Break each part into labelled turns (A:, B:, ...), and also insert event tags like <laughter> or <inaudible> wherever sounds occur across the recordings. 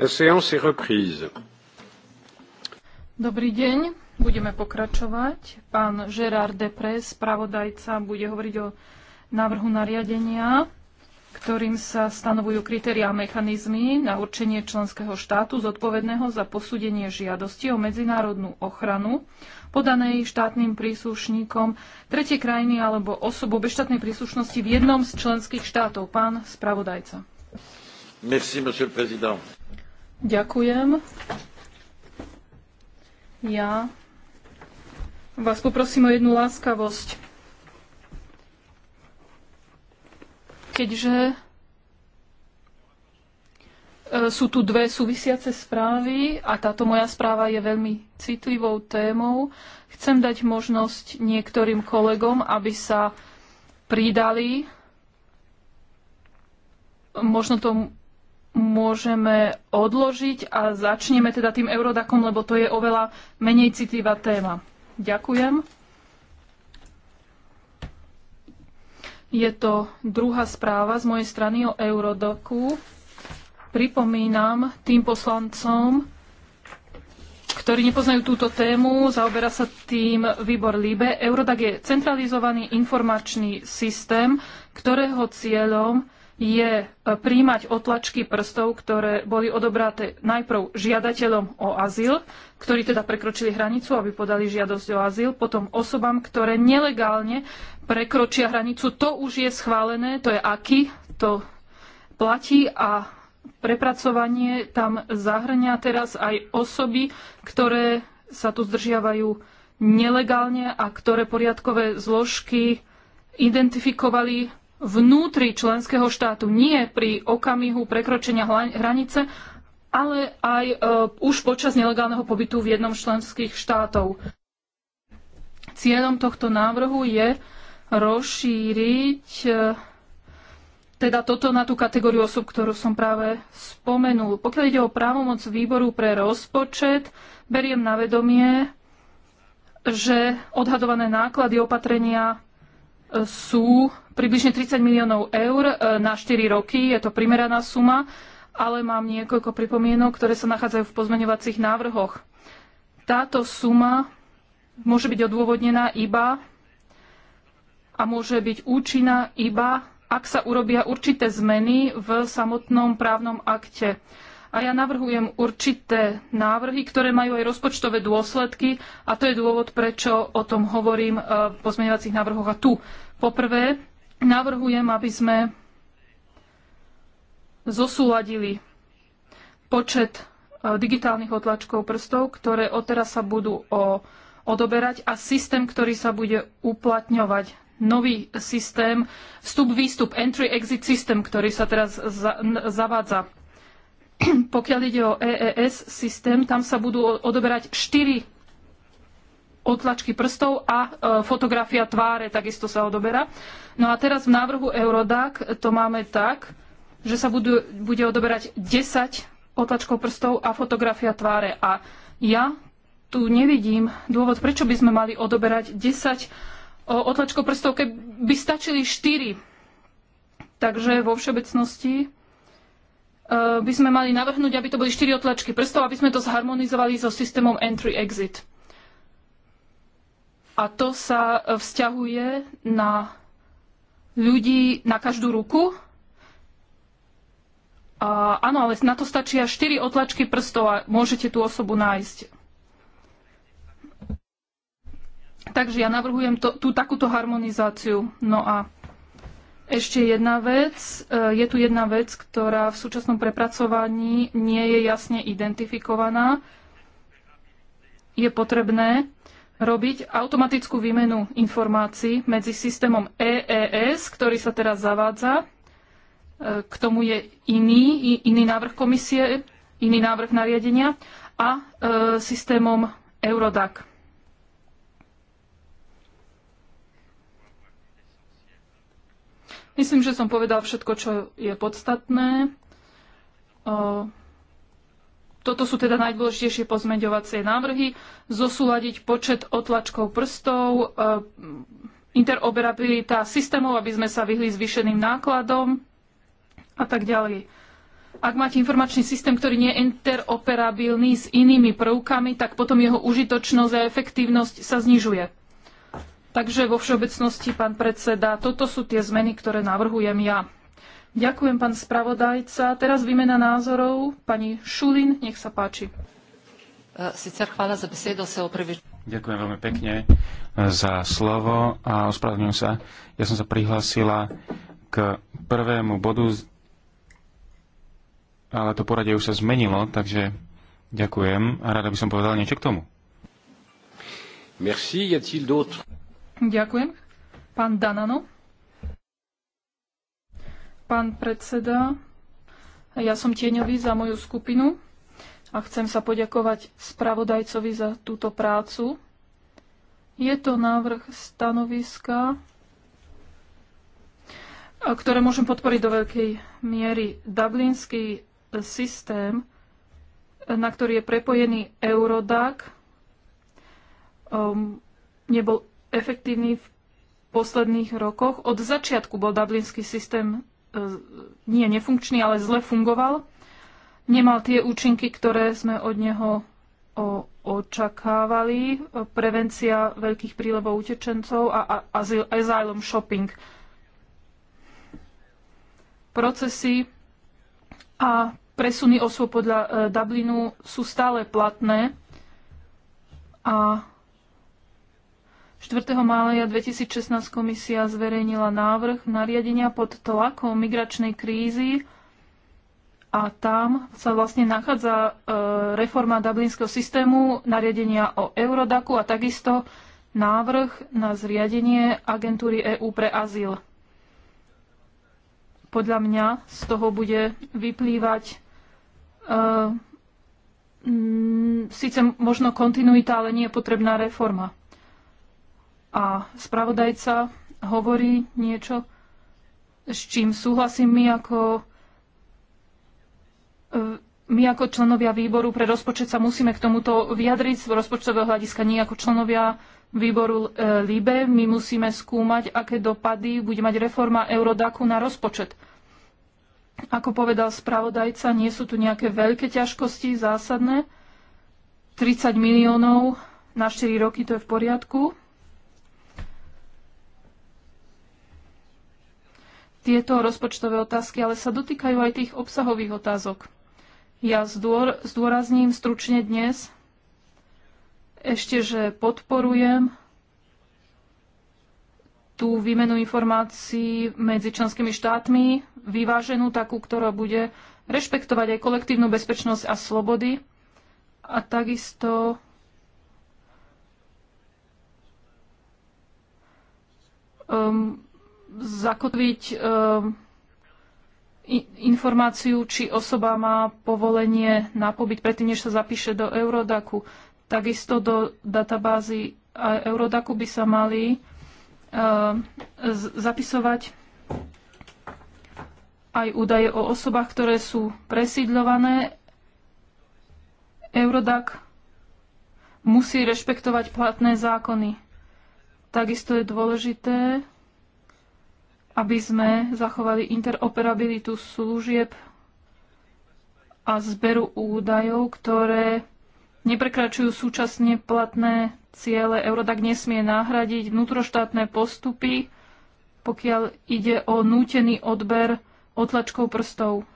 A: La séance est reprise.
B: Dobrý deň, budeme pokračovať. Pán Gérard Depres, spravodajca, bude hovoriť o návrhu nariadenia, ktorým sa stanovujú kritériá a mechanizmy na určenie členského štátu zodpovedného za posúdenie žiadosti o medzinárodnú ochranu podanej štátnym príslušníkom tretej krajiny alebo osobou bez štátnej príslušnosti v jednom z členských štátov. Pán spravodajca. Merci, Ďakujem. Ja vás poprosím o jednu láskavosť. Keďže e, sú tu dve súvisiace správy a táto moja správa je veľmi citlivou témou. Chcem dať možnosť niektorým kolegom, aby sa pridali. Možno tomu môžeme odložiť a začneme teda tým Eurodakom, lebo to je oveľa menej citlivá téma. Ďakujem. Je to druhá správa z mojej strany o Eurodoku. Pripomínam tým poslancom, ktorí nepoznajú túto tému, zaoberá sa tým výbor LIBE. Eurodac je centralizovaný informačný systém, ktorého cieľom je e, príjmať otlačky prstov, ktoré boli odobraté najprv žiadateľom o azyl, ktorí teda prekročili hranicu, aby podali žiadosť o azyl, potom osobám, ktoré nelegálne prekročia hranicu. To už je schválené, to je aký, to platí a prepracovanie tam zahrňa teraz aj osoby, ktoré sa tu zdržiavajú nelegálne a ktoré poriadkové zložky identifikovali vnútri členského štátu, nie pri okamihu prekročenia hranice, ale aj e, už počas nelegálneho pobytu v jednom z členských štátov. Cieľom tohto návrhu je rozšíriť e, teda toto na tú kategóriu osob, ktorú som práve spomenul. Pokiaľ ide o právomoc výboru pre rozpočet, beriem na vedomie, že odhadované náklady opatrenia sú približne 30 miliónov eur e, na 4 roky. Je to primeraná suma, ale mám niekoľko pripomienok, ktoré sa nachádzajú v pozmeňovacích návrhoch. Táto suma môže byť odôvodnená iba a môže byť účinná iba, ak sa urobia určité zmeny v samotnom právnom akte a ja navrhujem určité návrhy, ktoré majú aj rozpočtové dôsledky a to je dôvod, prečo o tom hovorím e, v pozmeňovacích návrhoch a tu. Poprvé, navrhujem, aby sme zosúladili počet e, digitálnych otlačkov prstov, ktoré odteraz sa budú odoberať a systém, ktorý sa bude uplatňovať. Nový systém, vstup-výstup, entry-exit systém, ktorý sa teraz zavádza <clears throat> pokiaľ ide o EES systém, tam sa budú odoberať štyri otlačky prstov a e, fotografia tváre takisto sa odoberá. No a teraz v návrhu Eurodac to máme tak, že sa budú, bude odoberať 10 otlačkov prstov a fotografia tváre. A ja tu nevidím dôvod, prečo by sme mali odoberať 10 e, otlačkov prstov, keby stačili 4. Takže vo všeobecnosti Eh, by sme mali navrhnúť, aby to boli štyri otlačky prstov, aby sme to zharmonizovali so systémom entry-exit. A to sa eh, vzťahuje na ľudí na každú ruku. A, áno, ale na to stačia štyri otlačky prstov a môžete tú osobu nájsť. Takže ja navrhujem to, tú takúto harmonizáciu. No a ešte jedna vec. E, je tu jedna vec, ktorá v súčasnom prepracovaní nie je jasne identifikovaná. Je potrebné robiť automatickú výmenu informácií medzi systémom EES, ktorý sa teraz zavádza. E, k tomu je iný, iný návrh komisie, iný návrh nariadenia a e, systémom Eurodac. Myslím, že som povedal všetko, čo je podstatné. Toto sú teda najdôležitejšie pozmeňovacie návrhy. Zosúľadiť počet otlačkov prstov, e, interoperabilita systémov, aby sme sa vyhli zvýšeným nákladom a tak ďalej. Ak máte informačný systém, ktorý nie je interoperabilný s inými prvkami, tak potom jeho užitočnosť a efektívnosť sa znižuje. Takže vo všeobecnosti, pán predseda, toto sú tie zmeny, ktoré navrhujem ja. Ďakujem, pán spravodajca. Teraz výmena názorov. Pani Šulin, nech sa páči. E, sicer chvála za besedo, sa
C: Ďakujem veľmi pekne za slovo a ospravedlňujem sa. Ja som sa prihlásila k prvému bodu, ale to poradie už sa zmenilo, takže ďakujem a rada by som povedala niečo k tomu. Merci, y a-t-il d'autres
B: Ďakujem. Pán Danano. Pán predseda, ja som tieňový za moju skupinu a chcem sa poďakovať spravodajcovi za túto prácu. Je to návrh stanoviska, ktoré môžem podporiť do veľkej miery. Dublinský systém, na ktorý je prepojený Eurodac, um, nebol efektívny v posledných rokoch. Od začiatku bol dublinský systém e, nie nefunkčný, ale zle fungoval. Nemal tie účinky, ktoré sme od neho očakávali. Prevencia veľkých prílevov utečencov a azyl, asylum shopping. Procesy a presuny osôb podľa e, Dublinu sú stále platné a 4. mája 2016 komisia zverejnila návrh nariadenia pod tlakom migračnej krízy a tam sa vlastne nachádza e, reforma dublinského systému, nariadenia o Eurodaku a takisto návrh na zriadenie agentúry EÚ pre azyl. Podľa mňa z toho bude vyplývať e, síce možno kontinuita, ale nie je potrebná reforma a spravodajca hovorí niečo, s čím súhlasím my ako e, my ako členovia výboru pre rozpočet sa musíme k tomuto vyjadriť z rozpočtového hľadiska, nie ako členovia výboru e, LIBE. My musíme skúmať, aké dopady bude mať reforma Eurodaku na rozpočet. Ako povedal spravodajca, nie sú tu nejaké veľké ťažkosti zásadné. 30 miliónov na 4 roky to je v poriadku. tieto rozpočtové otázky, ale sa dotýkajú aj tých obsahových otázok. Ja zdôr, zdôrazním stručne dnes ešte, že podporujem tú výmenu informácií medzi členskými štátmi, vyváženú takú, ktorá bude rešpektovať aj kolektívnu bezpečnosť a slobody a takisto um, zakotviť ehm, informáciu, či osoba má povolenie na pobyt predtým, než sa zapíše do Eurodaku. Takisto do databázy Eurodaku by sa mali ehm, zapisovať aj údaje o osobách, ktoré sú presídľované. Eurodak musí rešpektovať platné zákony. Takisto je dôležité aby sme zachovali interoperabilitu služieb a zberu údajov, ktoré neprekračujú súčasne platné ciele. Eurodac nesmie nahradiť vnútroštátne postupy, pokiaľ ide o nútený odber otlačkov prstov.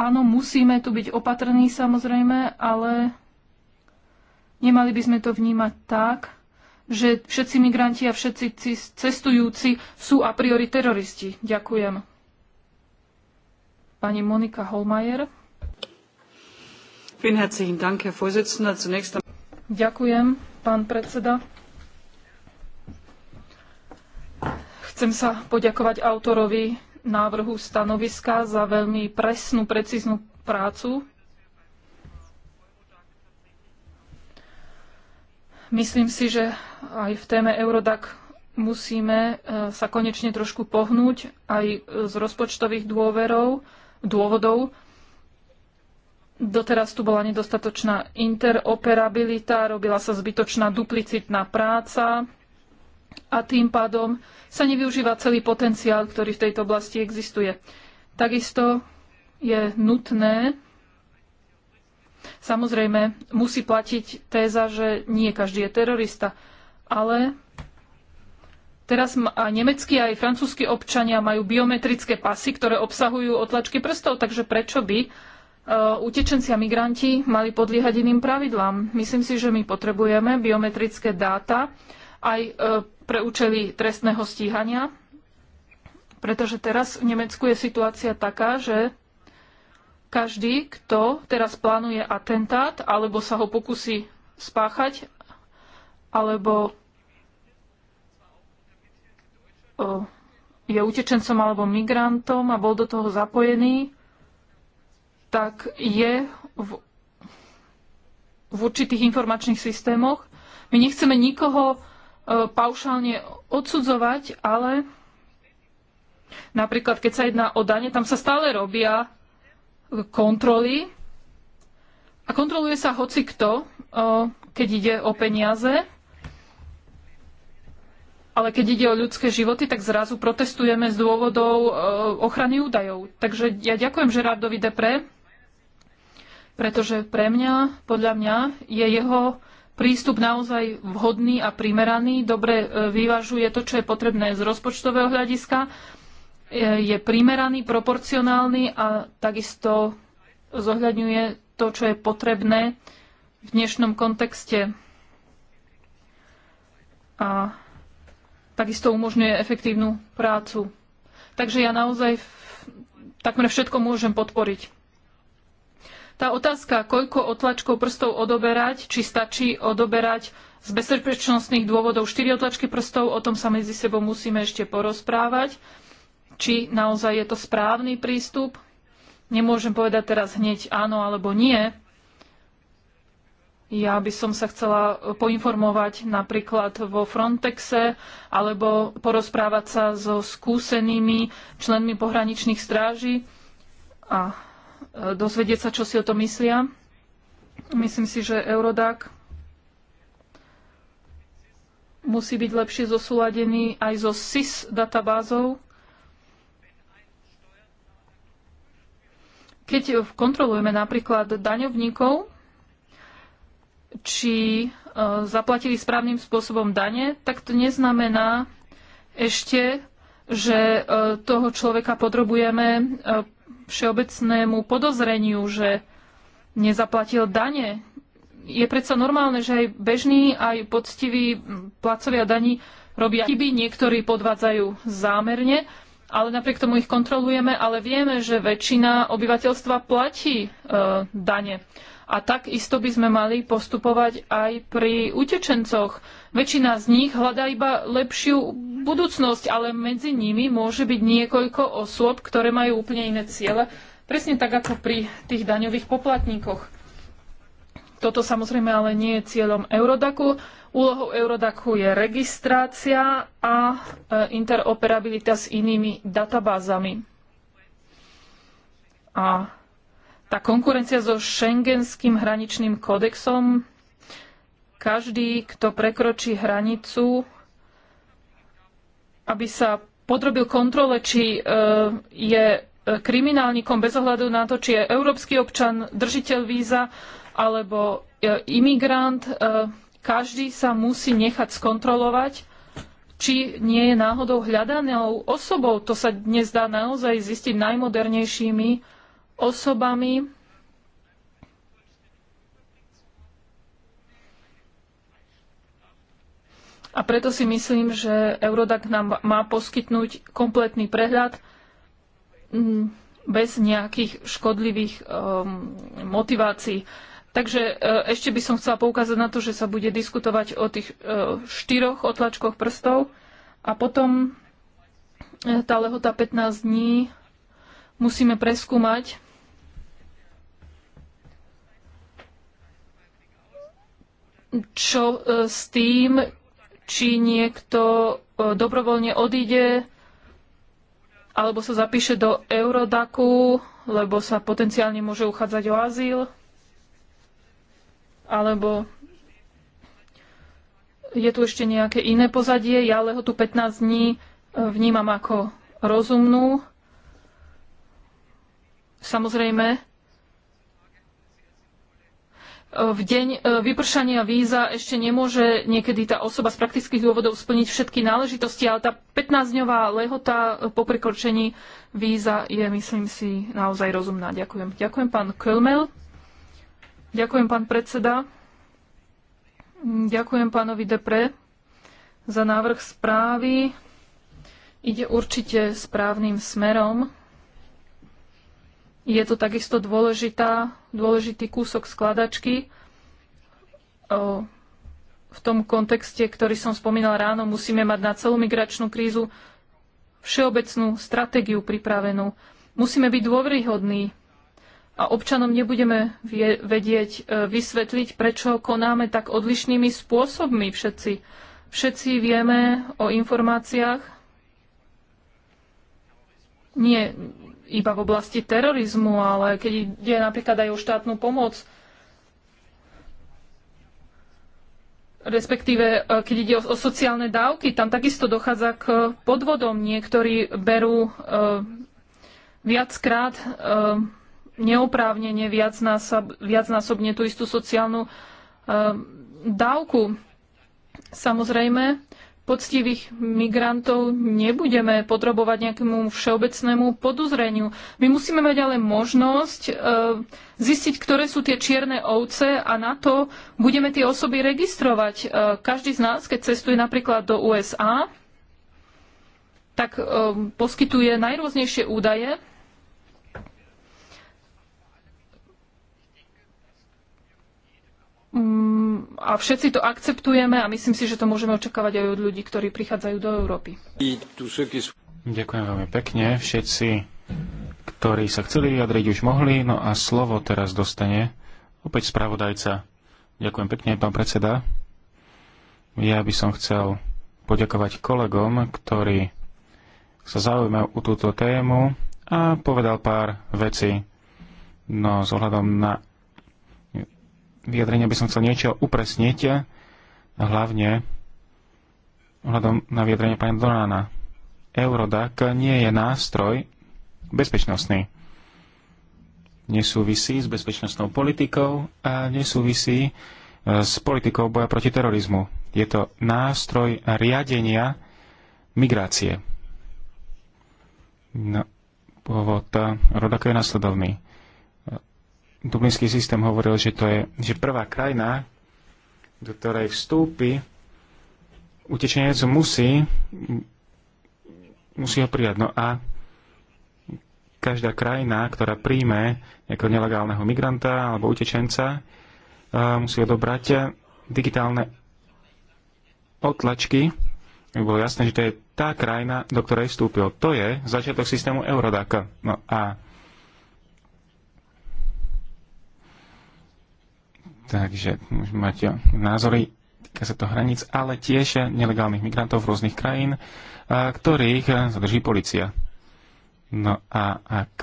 B: Áno, musíme tu byť opatrní samozrejme, ale nemali by sme to vnímať tak, že všetci migranti a všetci cestujúci sú a priori teroristi. Ďakujem. Pani Monika Holmajer. Ďakujem, pán predseda. Chcem sa poďakovať autorovi návrhu stanoviska za veľmi presnú, precíznu prácu, Myslím si, že aj v téme Eurodac musíme e, sa konečne trošku pohnúť aj z rozpočtových dôverov, dôvodov. Doteraz tu bola nedostatočná interoperabilita, robila sa zbytočná duplicitná práca a tým pádom sa nevyužíva celý potenciál, ktorý v tejto oblasti existuje. Takisto je nutné Samozrejme, musí platiť téza, že nie každý je terorista, ale teraz a nemeckí aj francúzski občania majú biometrické pasy, ktoré obsahujú otlačky prstov, takže prečo by e, utečenci a migranti mali podliehať iným pravidlám. Myslím si, že my potrebujeme biometrické dáta aj e, pre účely trestného stíhania, pretože teraz v Nemecku je situácia taká, že každý, kto teraz plánuje atentát, alebo sa ho pokusí spáchať, alebo je utečencom alebo migrantom a bol do toho zapojený, tak je v, v určitých informačných systémoch. My nechceme nikoho paušálne odsudzovať, ale napríklad keď sa jedná o dane, tam sa stále robia kontroly a kontroluje sa hoci kto, keď ide o peniaze, ale keď ide o ľudské životy, tak zrazu protestujeme z dôvodov ochrany údajov. Takže ja ďakujem Žerardovi Depre, pretože pre mňa, podľa mňa, je jeho prístup naozaj vhodný a primeraný, dobre e, vyvažuje to, čo je potrebné z rozpočtového hľadiska E, je primeraný, proporcionálny a takisto zohľadňuje to, čo je potrebné v dnešnom kontexte. A takisto umožňuje efektívnu prácu. Takže ja naozaj takmer všetko môžem podporiť. Tá otázka, koľko otlačkov prstov odoberať, či stačí odoberať z bezpečnostných dôvodov 4 otlačky prstov, o tom sa medzi sebou musíme ešte porozprávať či naozaj je to správny prístup. Nemôžem povedať teraz hneď áno alebo nie. Ja by som sa chcela poinformovať napríklad vo Frontexe alebo porozprávať sa so skúsenými členmi pohraničných stráží a e, dozvedieť sa, čo si o to myslia. Myslím si, že Eurodac musí byť lepšie zosúladený aj so SIS databázou, Keď kontrolujeme napríklad daňovníkov, či e, zaplatili správnym spôsobom dane, tak to neznamená ešte, že e, toho človeka podrobujeme e, všeobecnému podozreniu, že nezaplatil dane. Je predsa normálne, že aj bežní, aj poctiví placovia daní robia chyby, niektorí podvádzajú zámerne ale napriek tomu ich kontrolujeme, ale vieme, že väčšina obyvateľstva platí e, dane. A takisto by sme mali postupovať aj pri utečencoch. Väčšina z nich hľadá iba lepšiu budúcnosť, ale medzi nimi môže byť niekoľko osôb, ktoré majú úplne iné ciele, presne tak ako pri tých daňových poplatníkoch. Toto samozrejme ale nie je cieľom Eurodaku. Úlohou Eurodaku je registrácia a e, interoperabilita s inými databázami. A tá konkurencia so šengenským hraničným kodexom, každý, kto prekročí hranicu, aby sa podrobil kontrole, či e, je kriminálnikom bez ohľadu na to, či je európsky občan, držiteľ víza alebo e, imigrant. E, každý sa musí nechať skontrolovať, či nie je náhodou hľadanou osobou. To sa dnes dá naozaj zistiť najmodernejšími osobami. A preto si myslím, že Eurodac nám má poskytnúť kompletný prehľad Mm, bez nejakých škodlivých um, motivácií. Takže e, ešte by som chcela poukázať na to, že sa bude diskutovať o tých e, štyroch otlačkoch prstov a potom e, tá lehota 15 dní musíme preskúmať. Čo s tým, či niekto dobrovoľne odíde alebo sa zapíše do Eurodaku, lebo sa potenciálne môže uchádzať o azyl, alebo je tu ešte nejaké iné pozadie. Ja lehotu 15 dní e, vnímam ako rozumnú. Samozrejme, v deň e, vypršania víza ešte nemôže niekedy tá osoba z praktických dôvodov splniť všetky náležitosti, ale tá 15-dňová lehota po prekročení víza je, myslím si, naozaj rozumná. Ďakujem. Ďakujem pán Kölmel. Ďakujem pán predseda. Ďakujem pánovi Depre za návrh správy. Ide určite správnym smerom. Je to takisto dôležitá, dôležitý kúsok skladačky. V tom kontexte, ktorý som spomínal ráno, musíme mať na celú migračnú krízu všeobecnú stratégiu pripravenú. Musíme byť dôveryhodní a občanom nebudeme vedieť e, vysvetliť, prečo konáme tak odlišnými spôsobmi všetci. Všetci vieme o informáciách, nie, iba v oblasti terorizmu, ale keď ide napríklad aj o štátnu pomoc, respektíve e, keď ide o, sociálne dávky, tam takisto dochádza k podvodom. Niektorí berú e, viackrát neoprávnenie, neoprávnene viacnásobne tú istú sociálnu e, dávku. Samozrejme, poctivých migrantov nebudeme podrobovať nejakému všeobecnému podozreniu. My musíme mať ale možnosť e, zistiť, ktoré sú tie čierne ovce a na to budeme tie osoby registrovať. E, každý z nás, keď cestuje napríklad do USA, tak e, poskytuje najrôznejšie údaje. Mm a všetci to akceptujeme a myslím si, že to môžeme očakávať aj od ľudí, ktorí prichádzajú do Európy.
C: Ďakujem veľmi pekne. Všetci, ktorí sa chceli vyjadriť, už mohli. No a slovo teraz dostane opäť spravodajca. Ďakujem pekne, pán predseda. Ja by som chcel poďakovať kolegom, ktorí sa zaujímajú o túto tému a povedal pár veci. No, s ohľadom na vyjadrenia by som chcel niečo upresniť, hlavne ohľadom na vyjadrenie pani Donána. Eurodac nie je nástroj bezpečnostný. Nesúvisí s bezpečnostnou politikou a nesúvisí e, s politikou boja proti terorizmu. Je to nástroj riadenia migrácie. No, pôvod rodaka je nasledovný Dublinský systém hovoril, že to je že prvá krajina, do ktorej vstúpi utečenec musí, musí ho prijať. No a každá krajina, ktorá príjme nejakého nelegálneho migranta alebo utečenca, musí odobrať digitálne otlačky, aby bolo jasné, že to je tá krajina, do ktorej vstúpil. To je začiatok systému Eurodaka. No a Takže môžeme mať názory, týka sa to hraníc, ale tiež nelegálnych migrantov v rôznych krajín, ktorých zadrží policia. No a ak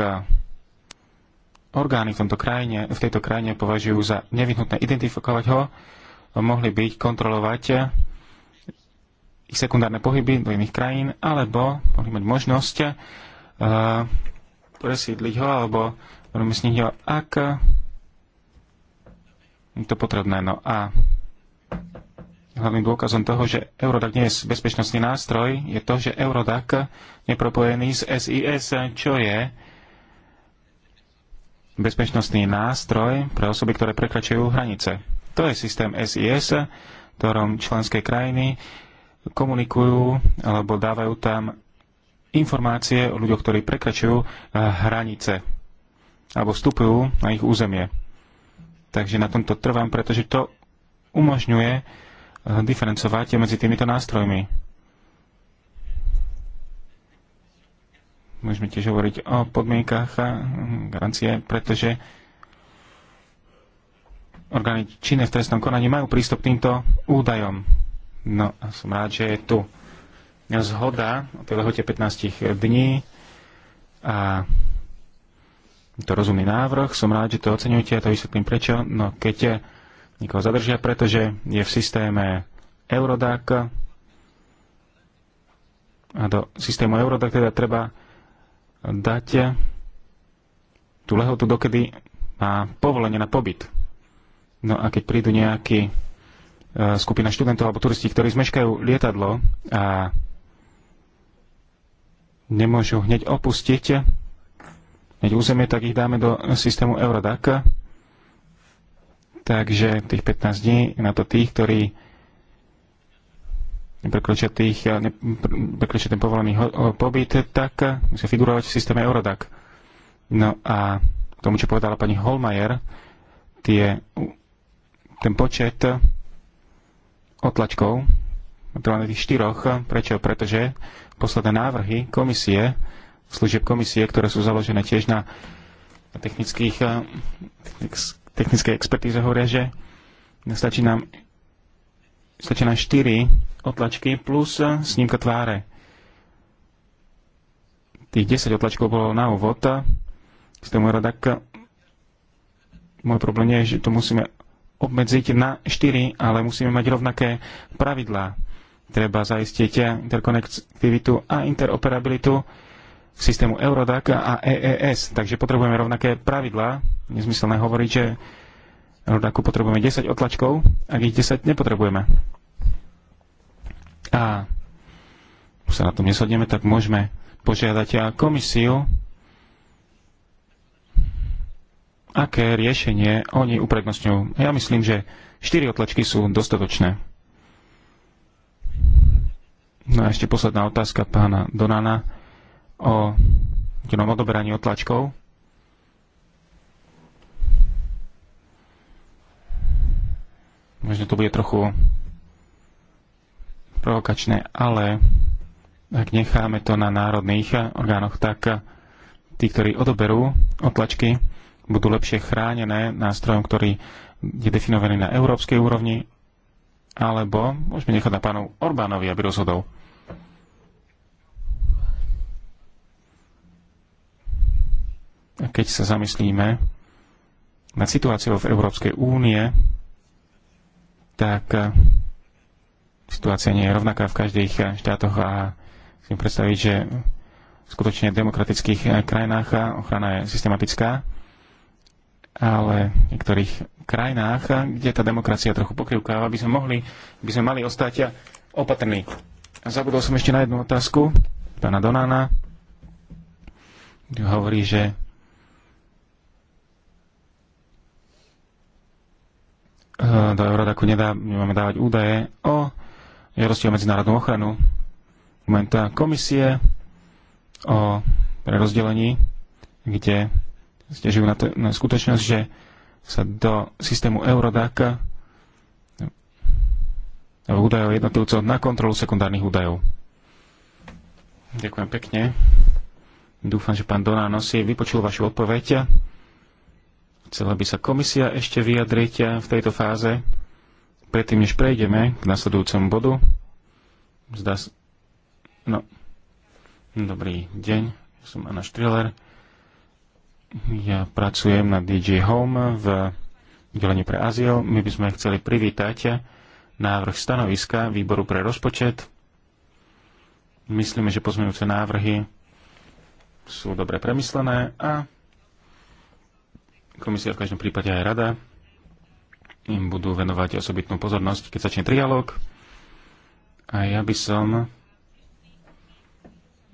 C: orgány v, tomto krajine, v tejto krajine považujú za nevyhnutné identifikovať ho, mohli byť kontrolovať ich sekundárne pohyby do iných krajín, alebo mohli mať možnosť presídliť ho, alebo ho, ak to potrebné. No a hlavným dôkazom toho, že Eurodac nie je bezpečnostný nástroj, je to, že Eurodac je propojený s SIS, čo je bezpečnostný nástroj pre osoby, ktoré prekračujú hranice. To je systém SIS, v ktorom členské krajiny komunikujú alebo dávajú tam informácie o ľuďoch, ktorí prekračujú hranice alebo vstupujú na ich územie. Takže na tomto trvám, pretože to umožňuje eh, diferencovať medzi týmito nástrojmi. Môžeme tiež hovoriť o podmienkách a garancie, pretože orgány činné v trestnom konaní majú prístup k týmto údajom. No a som rád, že je tu zhoda o tej lehote 15 dní a to rozumný návrh, som rád, že to oceňujete a ja to vysvetlím prečo. No keď nikoho zadržia, pretože je v systéme Eurodac a do systému Eurodac teda treba dať tú lehotu, dokedy má povolenie na pobyt. No a keď prídu nejaký e, skupina študentov alebo turistí, ktorí zmeškajú lietadlo a nemôžu hneď opustiť územie, tak ich dáme do systému Eurodac. Takže tých 15 dní na to tých, ktorí neprekročia, tých, ten povolený pobyt, tak musia figurovať v systéme Eurodac. No a k tomu, čo povedala pani Holmajer, tie, ten počet otlačkov, trvané na tých štyroch. Prečo? Pretože posledné návrhy komisie služieb komisie, ktoré sú založené tiež na technických, eh, technickej expertíze, hovoria, že stačí nám, stačí nám 4 otlačky plus eh, snímka tváre. Tých 10 otlačkov bolo na úvod. Z tomu tak môj problém je, že to musíme obmedziť na 4, ale musíme mať rovnaké pravidlá. Treba zaistiť interkonektivitu a interoperabilitu k systému Eurodac a EES. Takže potrebujeme rovnaké pravidlá. Nezmyselné hovoriť, že Eurodacu potrebujeme 10 otlačkov, ak ich 10 nepotrebujeme. A už sa na tom nesodneme, tak môžeme požiadať komisiu, aké riešenie oni uprednostňujú. Ja myslím, že 4 otlačky sú dostatočné. No a ešte posledná otázka pána Donana o jenom odoberaní otlačkov. Možno to bude trochu provokačné, ale ak necháme to na národných orgánoch, tak tí, ktorí odoberú otlačky, budú lepšie chránené nástrojom, ktorý je definovaný na európskej úrovni, alebo môžeme nechať na pánov Orbánovi, aby rozhodol. keď sa zamyslíme nad situáciou v Európskej únie, tak eh, situácia nie je rovnaká v každých eh, štátoch a chcem predstaviť, že v skutočne demokratických eh, krajinách ochrana je systematická, ale v niektorých krajinách, kde tá demokracia trochu pokrivkáva, by sme mohli, by sme mali ostať opatrní. Zabudol som ešte na jednu otázku pána Donána, hovorí, že Eh, do Eurodaku nedá, nemáme dávať údaje o žiadosti o medzinárodnú ochranu momenta eh, komisie o prerozdelení, kde stežujú na, to, na skutočnosť, že sa do systému Eurodaka Eurodac eh, údajov jednotlivcov na kontrolu sekundárnych údajov. Ďakujem pekne. Dúfam, že pán Doná nosí vypočul vašu odpoveď. Chcela by sa komisia ešte vyjadriť eh, v tejto fáze, predtým než prejdeme k nasledujúcemu bodu. Zdá sa... No. Dobrý deň, som Anna Štriler. Ja pracujem na DJ Home v oddelení pre azyl. My by sme chceli privítať eh, návrh stanoviska výboru pre rozpočet. Myslíme, že pozmeňujúce návrhy sú dobre premyslené a komisia v každom prípade aj rada im budú venovať osobitnú pozornosť, keď začne trialóg. A ja by som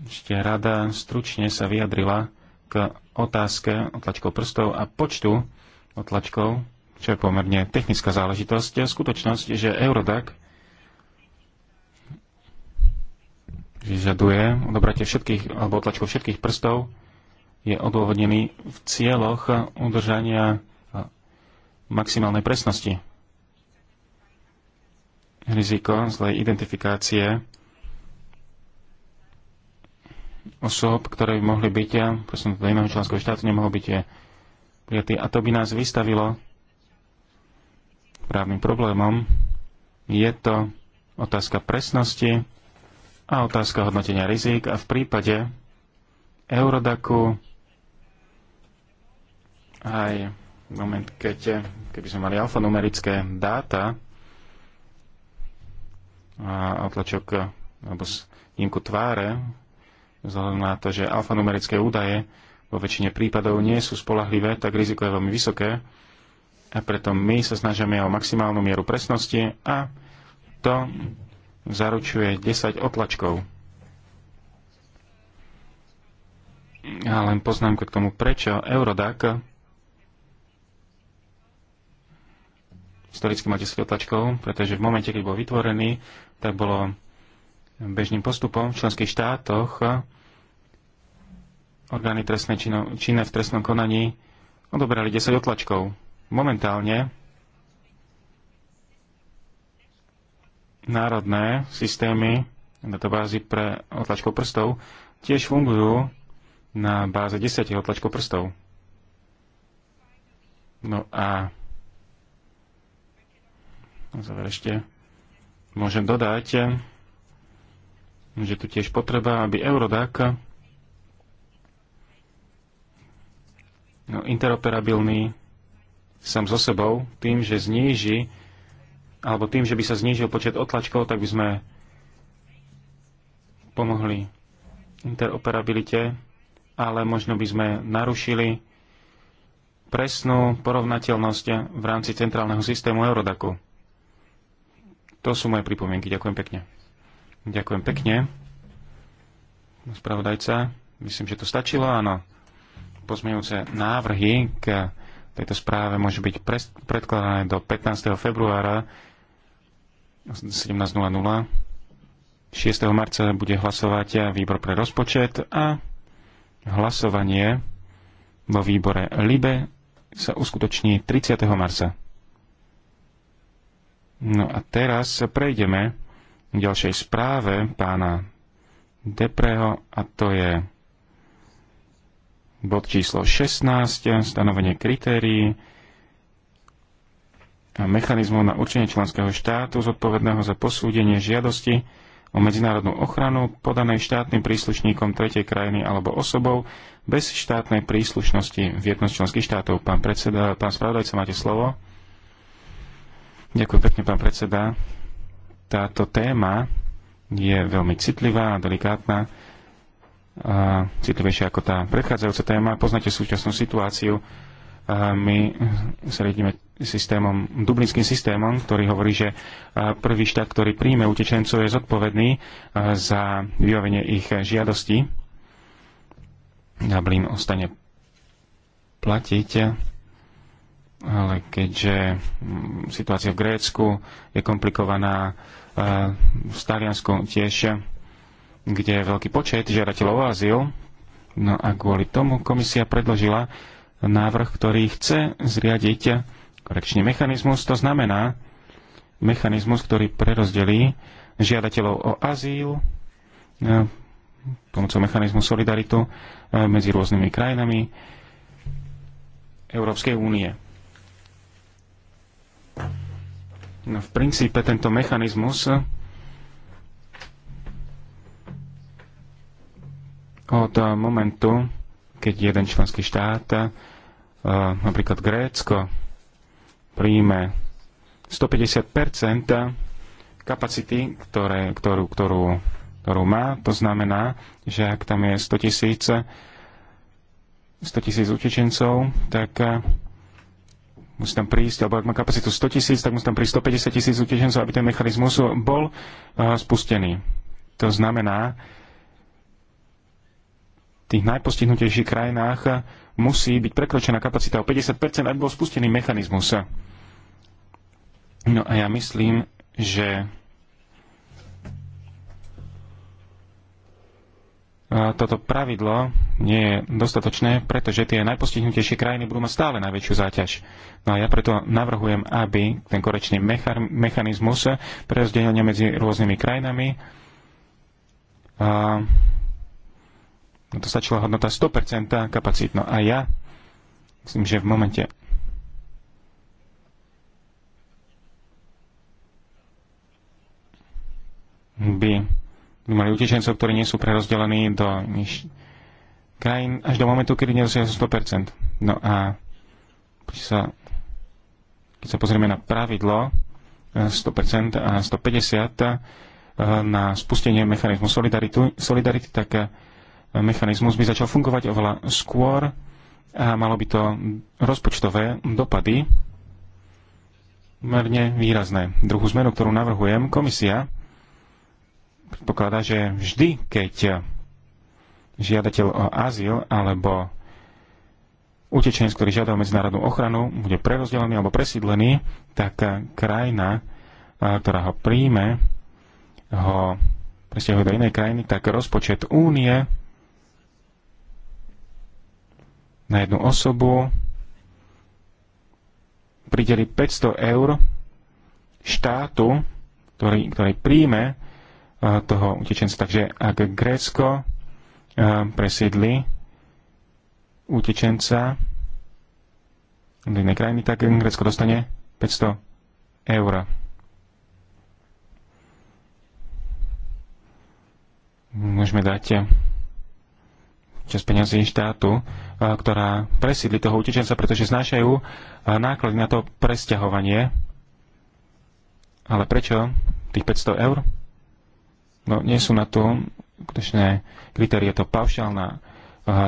C: ešte rada stručne sa vyjadrila k otázke otlačkov prstov a počtu otlačkov, čo je pomerne technická záležitosť. A skutočnosť, že Eurodac vyžaduje odobratie všetkých alebo otlačkov všetkých prstov je odôvodnený v cieľoch udržania maximálnej presnosti. Riziko zlej identifikácie osôb, ktoré by mohli byť prosím do iného členského štátu, nemohlo byť prijatý. A to by nás vystavilo právnym problémom. Je to otázka presnosti a otázka hodnotenia rizik a v prípade Eurodaku aj moment, keď, keby sme mali alfanumerické dáta a otlačok alebo snímku tváre, vzhľadom na to, že alfanumerické údaje vo väčšine prípadov nie sú spolahlivé, tak riziko je veľmi vysoké a preto my sa snažíme o maximálnu mieru presnosti a to zaručuje 10 otlačkov. A len poznámka k tomu, prečo Eurodac historicky máte skrtačkou, pretože v momente, keď bol vytvorený, tak bolo bežným postupom v členských štátoch orgány trestné čino, činné v trestnom konaní odobrali 10 otlačkov. Momentálne národné systémy databázy pre otlačkov prstov tiež fungujú na báze 10 otlačkov prstov. No a záver ešte môžem dodať, že tu tiež potreba, aby Eurodac no, interoperabilný sám so sebou, tým, že zníži, alebo tým, že by sa znížil počet otlačkov, tak by sme pomohli interoperabilite, ale možno by sme narušili presnú porovnateľnosť v rámci centrálneho systému Eurodaku. To sú moje pripomienky. Ďakujem pekne. Ďakujem pekne. Spravodajca, myslím, že to stačilo, áno. pozmeňujúce návrhy k tejto správe môžu byť predkladané do 15. februára 17.00. 6. marca bude hlasovať výbor pre rozpočet a hlasovanie vo výbore LIBE sa uskutoční 30. marca. No a teraz prejdeme k ďalšej správe pána Depreho a to je bod číslo 16, stanovenie kritérií a mechanizmov na určenie členského štátu zodpovedného za posúdenie žiadosti o medzinárodnú ochranu podanej štátnym príslušníkom tretej krajiny alebo osobou bez štátnej príslušnosti v jednom z členských štátov. Pán, predseda, pán spravodajca, máte slovo. Ďakujem pekne, pán predseda. Táto téma je veľmi citlivá a delikátna, a citlivejšia ako tá predchádzajúca téma. Poznáte súčasnú situáciu. A my sa riadíme systémom, dublinským systémom, ktorý hovorí, že prvý štát, ktorý príjme utečencov, je zodpovedný za vyjavenie ich žiadosti. Dublin ostane platiť ale keďže mm, situácia v Grécku je komplikovaná, e, v Staliansku tiež, kde je veľký počet žiadateľov o azyl, no a kvôli tomu komisia predložila návrh, ktorý chce zriadiť korekčný mechanizmus, to znamená mechanizmus, ktorý prerozdelí žiadateľov o azyl e, pomocou mechanizmu solidaritu e, medzi rôznymi krajinami Európskej únie. No, v princípe tento mechanizmus eh, od momentu, keď jeden členský štát, eh, napríklad Grécko, príjme 150 kapacity, ktoré, ktorú, ktorú, ktorú má. To znamená, že ak tam je 100 tisíc 100 tisíc utečencov, tak eh, musí tam prísť, alebo ak má kapacitu 100 tisíc, tak musí tam prísť 150 tisíc utečencov, aby ten mechanizmus bol eh, spustený. To znamená, v tých najpostihnutejších krajinách musí byť prekročená kapacita o 50%, aby bol spustený mechanizmus. No a ja myslím, že eh, toto pravidlo nie je dostatočné, pretože tie najpostihnutejšie krajiny budú mať stále najväčšiu záťaž. No a ja preto navrhujem, aby ten korečný mechanizmus pre prerozdelenia medzi rôznymi krajinami a to stačila hodnota 100% kapacitno. a ja myslím, že v momente by mali utečencov, ktorí nie sú prerozdelení do krajín až do momentu, kedy nedosiahnu 100%. No a keď sa, keď sa pozrieme na pravidlo 100% eh, a 150 eh, na spustenie mechanizmu solidarity, solidarity tak eh, mechanizmus by začal fungovať oveľa skôr a malo by to rozpočtové dopady merne výrazné. Druhú zmenu, ktorú navrhujem, komisia predpokladá, že vždy, keď žiadateľ o azyl alebo utečenec, ktorý žiada o medzinárodnú ochranu, bude prerozdelený alebo presídlený, tak eh, krajina, eh, ktorá ho príjme, ho presťahuje do inej krajiny, tak rozpočet únie na jednu osobu prideli 500 eur štátu, ktorý, ktorý príjme eh, toho utečenca. Takže ak Grécko presiedli utečenca do inej krajiny, tak Grécko dostane 500 eur. Môžeme dať čas peniazy štátu, ktorá presídli toho utečenca, pretože znášajú náklady na to presťahovanie. Ale prečo tých 500 eur? No nie sú na to skutočné kritérie, je to paušálna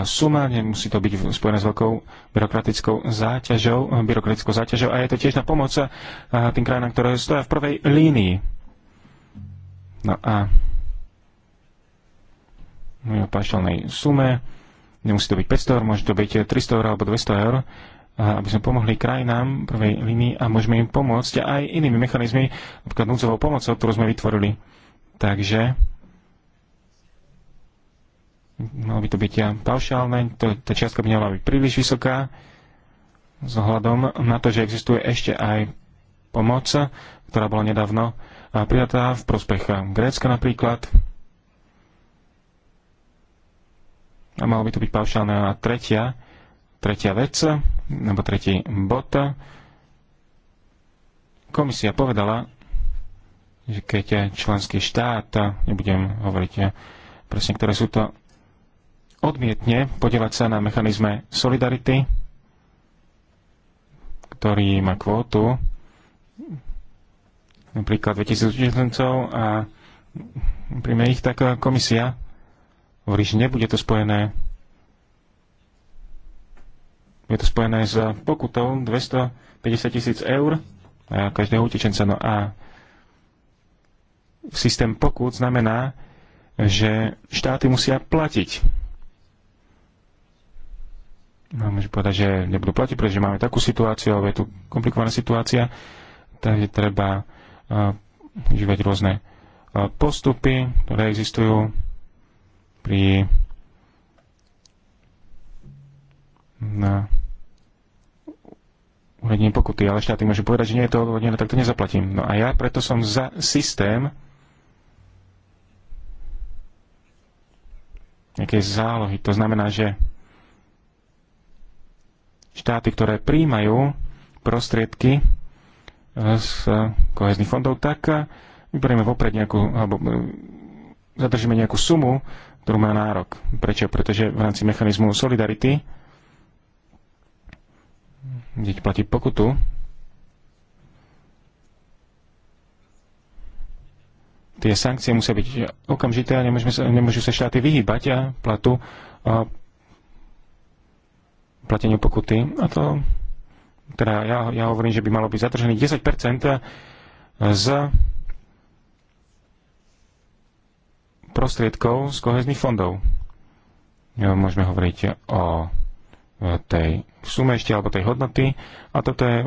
C: suma, nemusí to byť spojené s veľkou byrokratickou záťažou, byrokratickou záťažou a je to tiež na pomoc tým krajinám, ktoré stoja v prvej línii. No a o paušálnej sume, nemusí to byť 500 eur, môže to byť 300 eur alebo 200 eur, aby sme pomohli krajinám prvej línii a môžeme im pomôcť aj inými mechanizmy, napríklad núdzovou pomocou, ktorú sme vytvorili. Takže malo by to byť ja paušálne, to, tá čiastka by nemala byť príliš vysoká, s ohľadom na to, že existuje ešte aj pomoc, ktorá bola nedávno prijatá v prospech Grécka napríklad. A malo by to byť paušálne. A tretia, tretia vec, alebo tretí bod, komisia povedala, že keď je členský štát, nebudem hovoriť presne, ktoré sú to odmietne podielať sa na mechanizme solidarity, ktorý má kvótu napríklad 2000 utečencov a príjme ich taká komisia hovorí, že nebude to spojené je to spojené s pokutou 250 tisíc eur každého utečenca. No a systém pokut znamená, že štáty musia platiť No, že povedať, že nebudú platiť, pretože máme takú situáciu, alebo je tu komplikovaná situácia, takže treba eh, užívať rôzne eh, postupy, ktoré existujú pri na uradenie pokuty, ale štáty môžu povedať, že nie je to odvodnené, tak to nezaplatím. No a ja preto som za systém nejakej zálohy. To znamená, že štáty, ktoré príjmajú prostriedky e, z kohezných fondov, tak e, vyberieme vopred nejakú, alebo e, zadržíme nejakú sumu, ktorú má nárok. Prečo? Pretože v rámci mechanizmu solidarity dieť platí pokutu, tie sankcie musia byť okamžité a nemôžu sa štáty vyhýbať a platu plateniu pokuty. A to, teda ja, ja hovorím, že by malo byť zadržený 10% z prostriedkov z kohezných fondov. Môžeme hovoriť o tej sume ešte, alebo tej hodnoty. A toto je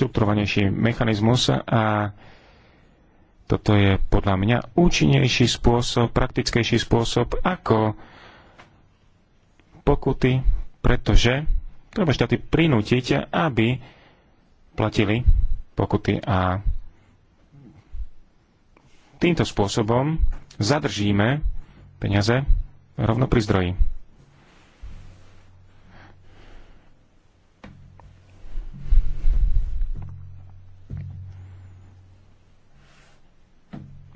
C: štrukturovanejší mechanizmus a toto je podľa mňa účinnejší spôsob, praktickejší spôsob ako pokuty, pretože treba štáty prinútiť, aby platili pokuty a týmto spôsobom zadržíme peniaze rovno pri zdroji.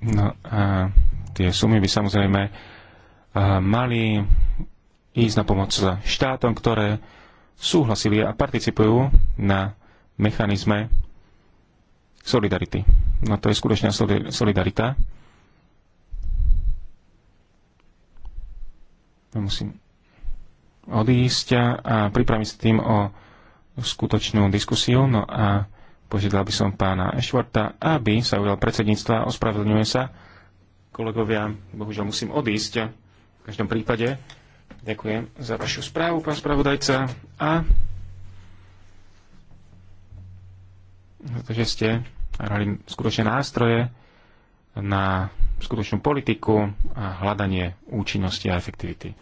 C: No a tie sumy by samozrejme eh, mali ísť na pomoc štátom, ktoré súhlasili a participujú na mechanizme solidarity. No to je skutočná solidarita. No, musím odísť a pripraviť s tým o skutočnú diskusiu. No a požiadal by som pána Ešvorta, aby sa ujal predsedníctva. Ospravedlňujem sa. Kolegovia, bohužiaľ musím odísť. V každom prípade Ďakujem za vašu správu, pán spravodajca, a za to, že ste hrali skutočné nástroje na skutočnú politiku a hľadanie účinnosti a efektivity.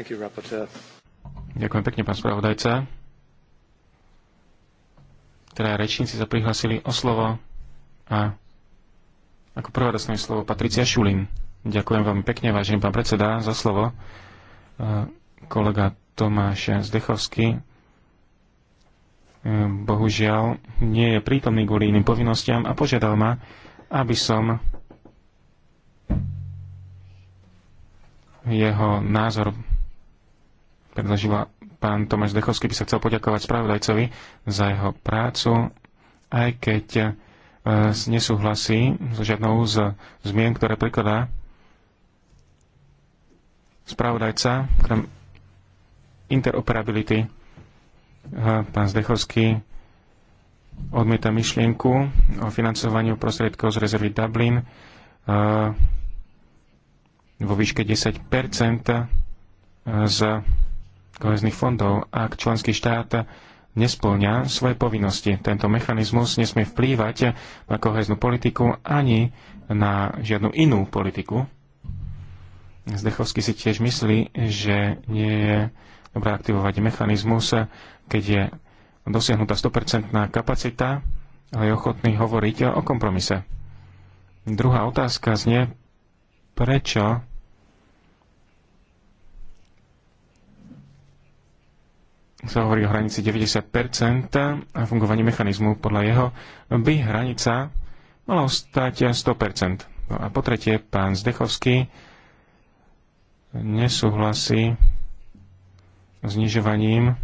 A: Ďakujem
C: pekne, pán spravodajca. Teda rečníci sa prihlásili o slovo a ako prvá dostane slovo Patricia Šulin. Ďakujem veľmi pekne, vážený pán predseda, za slovo. E, kolega Tomáš Zdechovský e, bohužiaľ nie je prítomný kvôli iným povinnostiam a požiadal ma, aby som jeho názor predložila pán Tomáš Dechovský by sa chcel poďakovať spravodajcovi za jeho prácu, aj keď e, nesúhlasí so žiadnou z zmien, ktoré prikladá spravodajca, krem interoperability. E, pán Zdechovský odmieta myšlienku o financovaniu prostriedkov z rezervy Dublin e, vo výške 10 z kohezných fondov, ak členský štát nesplňa svoje povinnosti. Tento mechanizmus nesmie vplývať na koheznú politiku ani na žiadnu inú politiku. Zdechovský si tiež myslí, že nie je dobré aktivovať mechanizmus, keď je dosiahnutá 100% kapacita, ale je ochotný hovoriť o kompromise. Druhá otázka znie, prečo sa hovorí o hranici 90% a fungovaní mechanizmu. Podľa jeho by hranica mala ostať 100%. No a po tretie, pán Zdechovský nesúhlasí znižovaním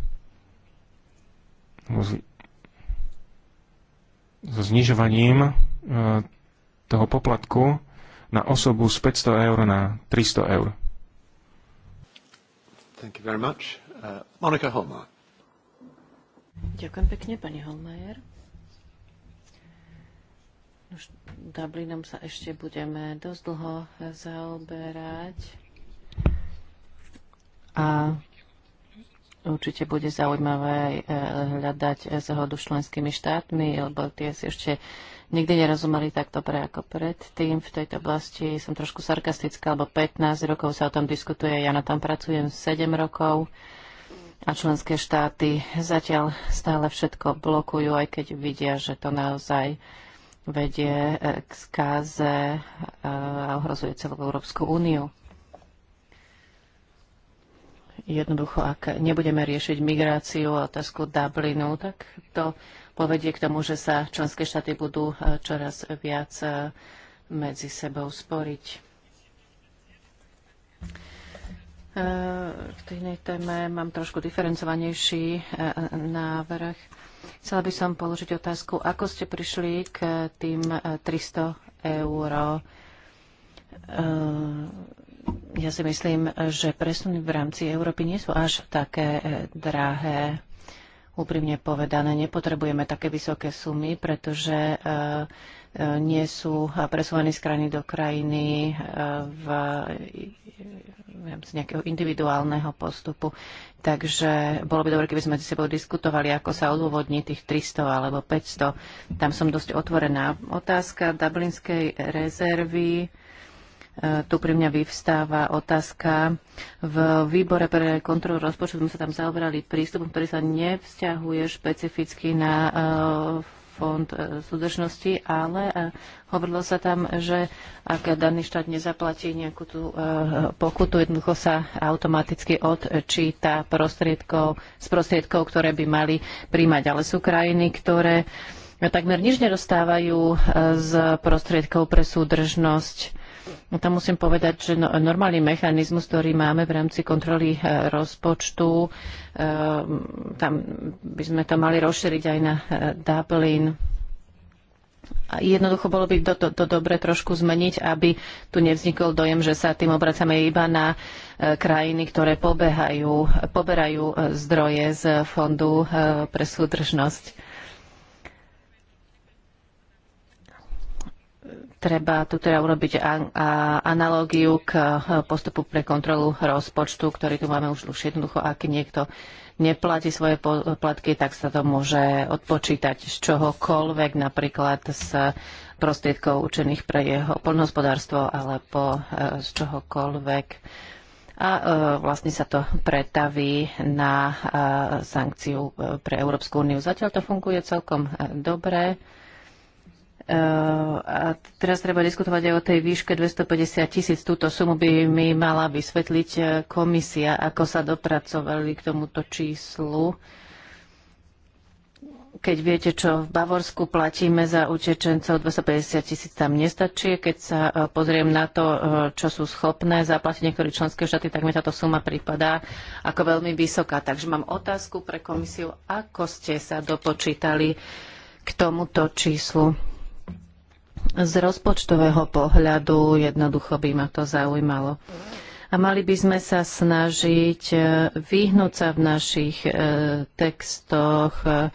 C: so znižovaním e, toho poplatku na osobu z 500 eur na 300 eur. Thank you very much.
B: Eh, Monika
A: Ďakujem pekne, pani Holmajer. Už Dublinom sa ešte budeme dosť dlho zaoberať. A Určite bude zaujímavé aj eh, hľadať zhodu s členskými štátmi, lebo tie si ešte nikdy nerozumeli tak dobre ako predtým. V tejto oblasti som trošku sarkastická, lebo 15 rokov sa o tom diskutuje, ja na tom pracujem 7 rokov a členské štáty zatiaľ stále všetko blokujú, aj keď vidia, že to naozaj vedie e, k skáze e, a ohrozuje celú Európsku úniu. Jednoducho, ak nebudeme riešiť migráciu a otázku Dublinu, tak to povedie k tomu, že sa členské štáty budú e, čoraz viac medzi sebou sporiť. K tej inej téme mám trošku diferencovanejší e, návrh. Chcela by som položiť otázku, ako ste prišli k tým 300 e, eur. E, ja si myslím, že presuny v rámci Európy nie sú až také drahé. Úprimne povedané, nepotrebujeme také vysoké sumy, pretože nie sú presúvaní z krajiny do krajiny e, v, v e, nejakého individuálneho postupu. Takže bolo by dobre, keby sme si sebou diskutovali, ako sa odôvodní tých 300 alebo 500. Tam som dosť otvorená. Otázka Dublinskej rezervy e, tu pri mňa vyvstáva otázka. V výbore pre kontrolu rozpočtu sme sa tam zaobrali prístupom, ktorý sa nevzťahuje špecificky na fond e, súdržnosti, ale e, hovorilo sa tam, že ak daný štát nezaplatí nejakú tú e, pokutu, jednoducho sa automaticky odčíta prostriedkov, z prostriedkov, ktoré by mali príjmať. Ale sú krajiny, ktoré takmer nič nedostávajú z prostriedkov pre súdržnosť No tam musím povedať, že no, normálny mechanizmus, ktorý máme v rámci kontroly e, rozpočtu, e, tam by sme to mali rozšíriť aj na e, Dublin. Jednoducho bolo by to, to, to dobre trošku zmeniť, aby tu nevznikol dojem, že sa tým obracame iba na krajiny, ktoré pobehajú, poberajú zdroje z Fondu pre súdržnosť. treba tu teda urobiť analógiu k e, postupu pre kontrolu rozpočtu, ktorý tu máme už už Jednoducho, ak niekto neplatí svoje poplatky, tak sa to môže odpočítať z čohokoľvek, napríklad z prostriedkov určených pre jeho poľnohospodárstvo alebo e, z čohokoľvek. A e, vlastne sa to pretaví na sankciu pre Európsku úniu. Zatiaľ to funguje celkom dobre. Eh, a teraz treba diskutovať aj o tej výške 250 tisíc. Túto sumu by mi mala vysvetliť eh, komisia, ako sa dopracovali k tomuto číslu. Keď viete, čo v Bavorsku platíme za utečencov, 250 tisíc tam nestačí. Keď sa eh, pozriem na to, čo sú schopné zaplatiť niektoré členské štáty, tak mi táto suma prípada ako veľmi vysoká. Takže mám otázku pre komisiu, ako ste sa dopočítali k tomuto číslu. Z rozpočtového pohľadu jednoducho by ma to zaujímalo. A mali by sme sa snažiť e, vyhnúť sa v našich e, textoch e,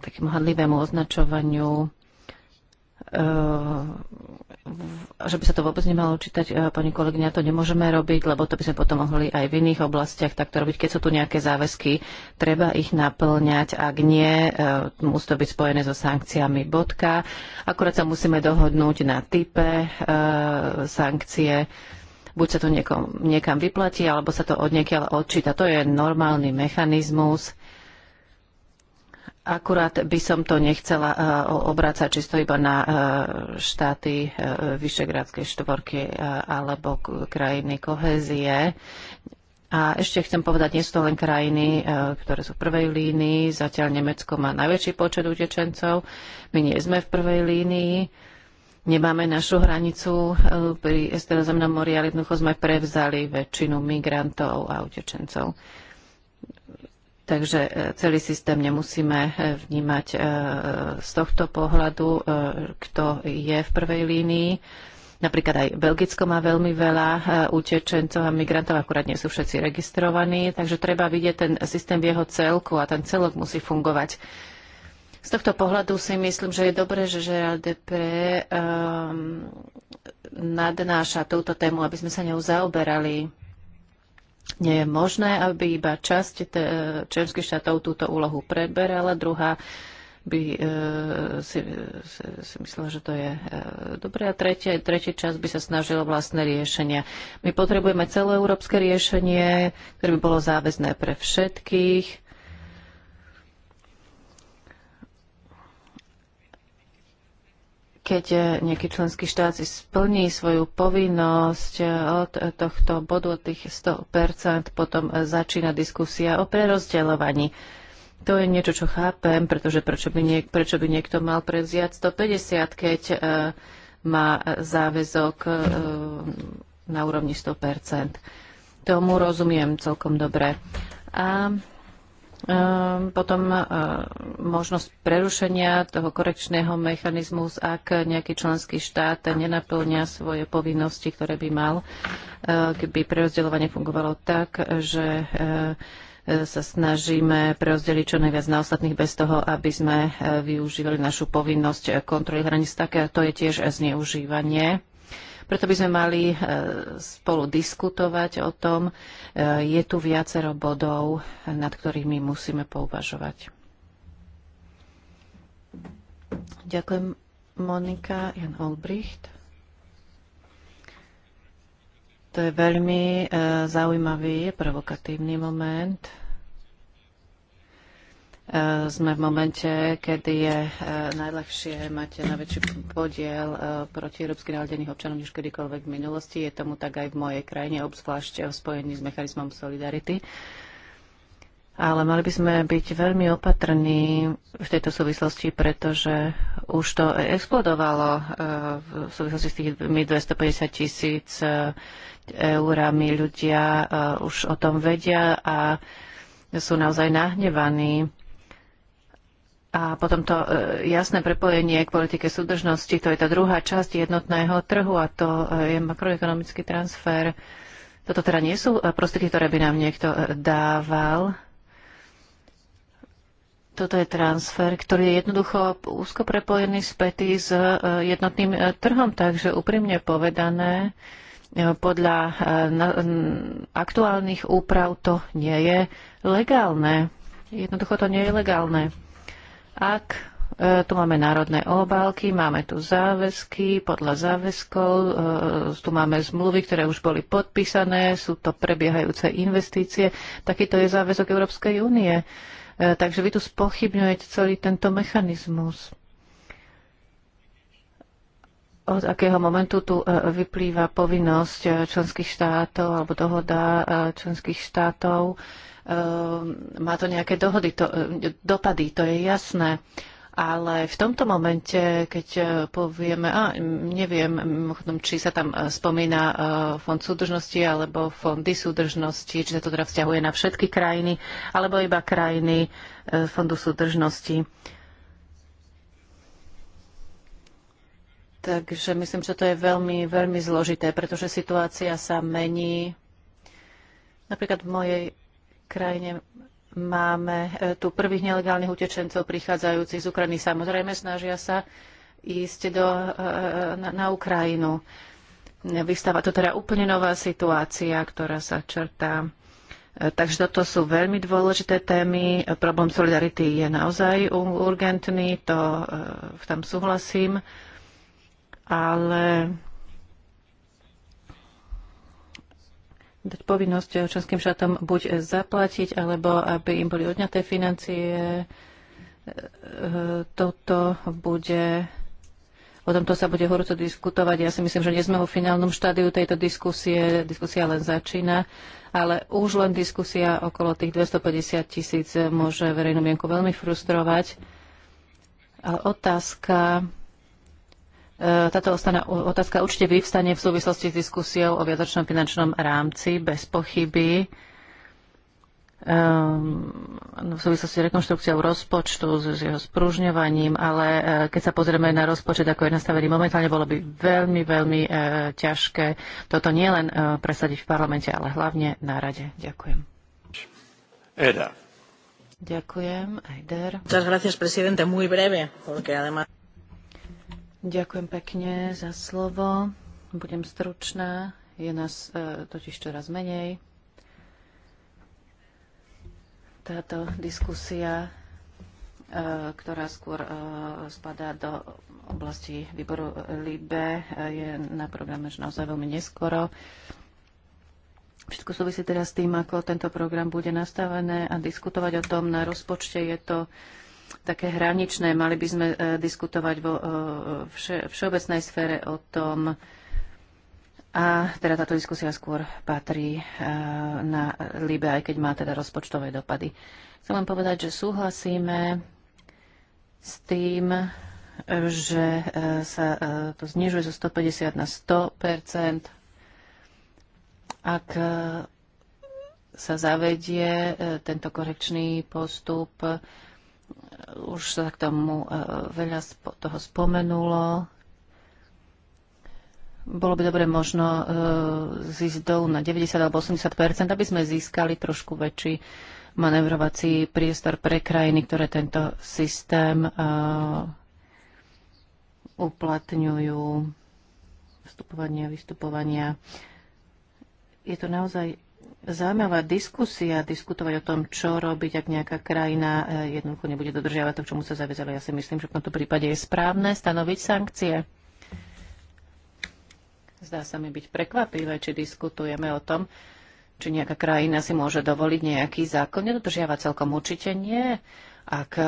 A: takému hadlivému označovaniu E, že by sa to vôbec nemalo čítať, e, pani kolegyňa, to nemôžeme robiť, lebo to by sme potom mohli aj v iných oblastiach takto robiť. Keď sú tu nejaké záväzky, treba ich naplňať. Ak nie, e, musí to byť spojené so sankciami. Bodka. Akurát sa musíme dohodnúť na type sankcie. Buď sa to niekom, niekam vyplatí, alebo sa to od niekiaľ odčíta. To je normálny mechanizmus Akurát by som to nechcela e, obrácať čisto iba na e, štáty e, Vyšegrádskej štvorky alebo krajiny kohézie. A ešte chcem povedať, nie sú to len krajiny, ktoré sú v prvej línii. Zatiaľ Nemecko má najväčší počet utečencov. My nie sme v prvej línii. Nemáme našu hranicu pri Stredozemnom mori, ale jednoducho sme prevzali väčšinu migrantov a utečencov. Takže e, celý systém nemusíme e, vnímať e, z tohto pohľadu, kto je v prvej línii. Napríklad aj Belgicko má veľmi veľa utečencov a migrantov, akurát nie sú všetci registrovaní, takže treba vidieť ten systém v jeho celku a ten celok musí fungovať. Z tohto pohľadu si myslím, že je dobré, že Gérald Depré um, ehm, nadnáša túto tému, aby sme sa ňou zaoberali nie je možné, aby iba časť členských štátov túto úlohu preberala, druhá by e, si, si, si myslela, že to je e, dobré. A tretie, tretí čas by sa snažilo vlastné riešenia. My potrebujeme celoeurópske riešenie, ktoré by bolo záväzné pre všetkých keď e, nejaký členský štát si splní svoju povinnosť e, od tohto bodu, od tých 100%, potom e, začína diskusia o prerozdeľovaní. To je niečo, čo chápem, pretože prečo by, niek- prečo by niekto mal prevziať 150, keď e, má záväzok e, na úrovni 100%. Tomu rozumiem celkom dobre. A Ehm, potom ehm, možnosť prerušenia toho korekčného mechanizmu, ak nejaký členský štát nenaplňa svoje povinnosti, ktoré by mal, ehm, keby prerozdeľovanie fungovalo tak, že sa snažíme prerozdeliť čo najviac na ostatných bez toho, aby sme využívali našu povinnosť kontroly hraníc. Také to je tiež zneužívanie preto by sme mali e, spolu diskutovať o tom. E, je tu viacero bodov, nad ktorými musíme pouvažovať. Ďakujem, Monika. Jan Olbricht. To je veľmi e, zaujímavý, provokatívny moment. Eh, sme v momente, kedy je eh, najľahšie mať najväčší podiel eh, proti európsky naladených občanov než kedykoľvek v minulosti. Je tomu tak aj v mojej krajine, obzvlášť v spojení s mechanizmom Solidarity. Ale mali by sme byť veľmi opatrní v tejto súvislosti, pretože už to explodovalo v súvislosti s tými 250 tisíc eurami. Ľudia už o tom vedia a sú naozaj nahnevaní a potom to e, jasné prepojenie k politike súdržnosti, to je tá druhá časť jednotného trhu a to e, je makroekonomický transfer. Toto teda nie sú e, prostriedky, ktoré by nám niekto dával. Toto je transfer, ktorý je jednoducho úzko prepojený spätý s jednotným trhom, takže úprimne povedané, podľa aktuálnych úprav to nie je legálne. Jednoducho to nie je legálne. Ak e, tu máme národné obálky, máme tu záväzky, podľa záväzkov, e, tu máme zmluvy, ktoré už boli podpísané, sú to prebiehajúce investície. Takýto je záväzok Európskej únie. E, takže vy tu spochybňujete celý tento mechanizmus. Od akého momentu tu vyplýva povinnosť členských štátov alebo dohoda členských štátov Ehm, má to nejaké dohody, to, e, dopady, to je jasné. Ale v tomto momente, keď e, povieme, a neviem, či sa tam e, spomína fond súdržnosti alebo fondy súdržnosti, či sa to teda vzťahuje na všetky krajiny, alebo iba krajiny fondu súdržnosti. Takže myslím, že to je veľmi, veľmi zložité, pretože situácia sa mení. Napríklad v mojej krajine máme e, tu prvých nelegálnych utečencov prichádzajúcich z Ukrajiny. Samozrejme, snažia sa ísť do, e, e, na, na Ukrajinu. Vystáva to teda úplne nová situácia, ktorá sa črtá. Takže toto sú veľmi dôležité témy. Problém solidarity je naozaj urgentný, to tam súhlasím. Ale dať povinnosť členským štátom buď zaplatiť, alebo aby im boli odňaté financie. Toto bude O tomto sa bude horúco diskutovať. Ja si myslím, že nie sme vo finálnom štádiu tejto diskusie. Diskusia len začína. Ale už len diskusia okolo tých 250 tisíc môže verejnú mienku veľmi frustrovať. Ale otázka E, táto otázka určite vyvstane v súvislosti s diskusiou o viatočnom finančnom rámci, bez pochyby. Um, v súvislosti s rekonštrukciou rozpočtu, s, s jeho spružňovaním, ale uh, keď sa pozrieme na rozpočet, ako je nastavený momentálne, bolo by veľmi, veľmi uh, ťažké toto nie len uh, presadiť v parlamente, ale hlavne na rade. Ďakujem. Eda. Ďakujem, Muchas gracias, presidente. Muy breve, porque además... Ďakujem pekne za slovo. Budem stručná. Je nás e, totiž čoraz menej. Táto diskusia, e, ktorá skôr e, spadá do oblasti výboru LIBE, e, je na programe už naozaj veľmi neskoro. Všetko súvisí teraz s tým, ako tento program bude nastavené a diskutovať o tom na rozpočte je to také hraničné. Mali by sme e, diskutovať vo e, vše, všeobecnej sfére o tom, a teda táto diskusia skôr patrí e, na Libe, aj keď má teda rozpočtové dopady. Chcem len povedať, že súhlasíme s tým, že sa to znižuje zo 150 na 100 Ak sa zavedie tento korekčný postup, už sa k tomu e, veľa toho spomenulo. Bolo by dobre možno e, zísť dolu na 90 alebo 80 aby sme získali trošku väčší manevrovací priestor pre krajiny, ktoré tento systém e, uplatňujú vstupovania, vystupovania. Je to naozaj zaujímavá diskusia, diskutovať o tom, čo robiť, ak nejaká krajina e, jednoducho nebude dodržiavať to, k čomu sa zaviazala. Ja si myslím, že v tomto prípade je správne stanoviť sankcie. Zdá sa mi byť prekvapivé, či diskutujeme o tom, či nejaká krajina si môže dovoliť nejaký zákon nedodržiavať. Celkom určite nie. Ak e,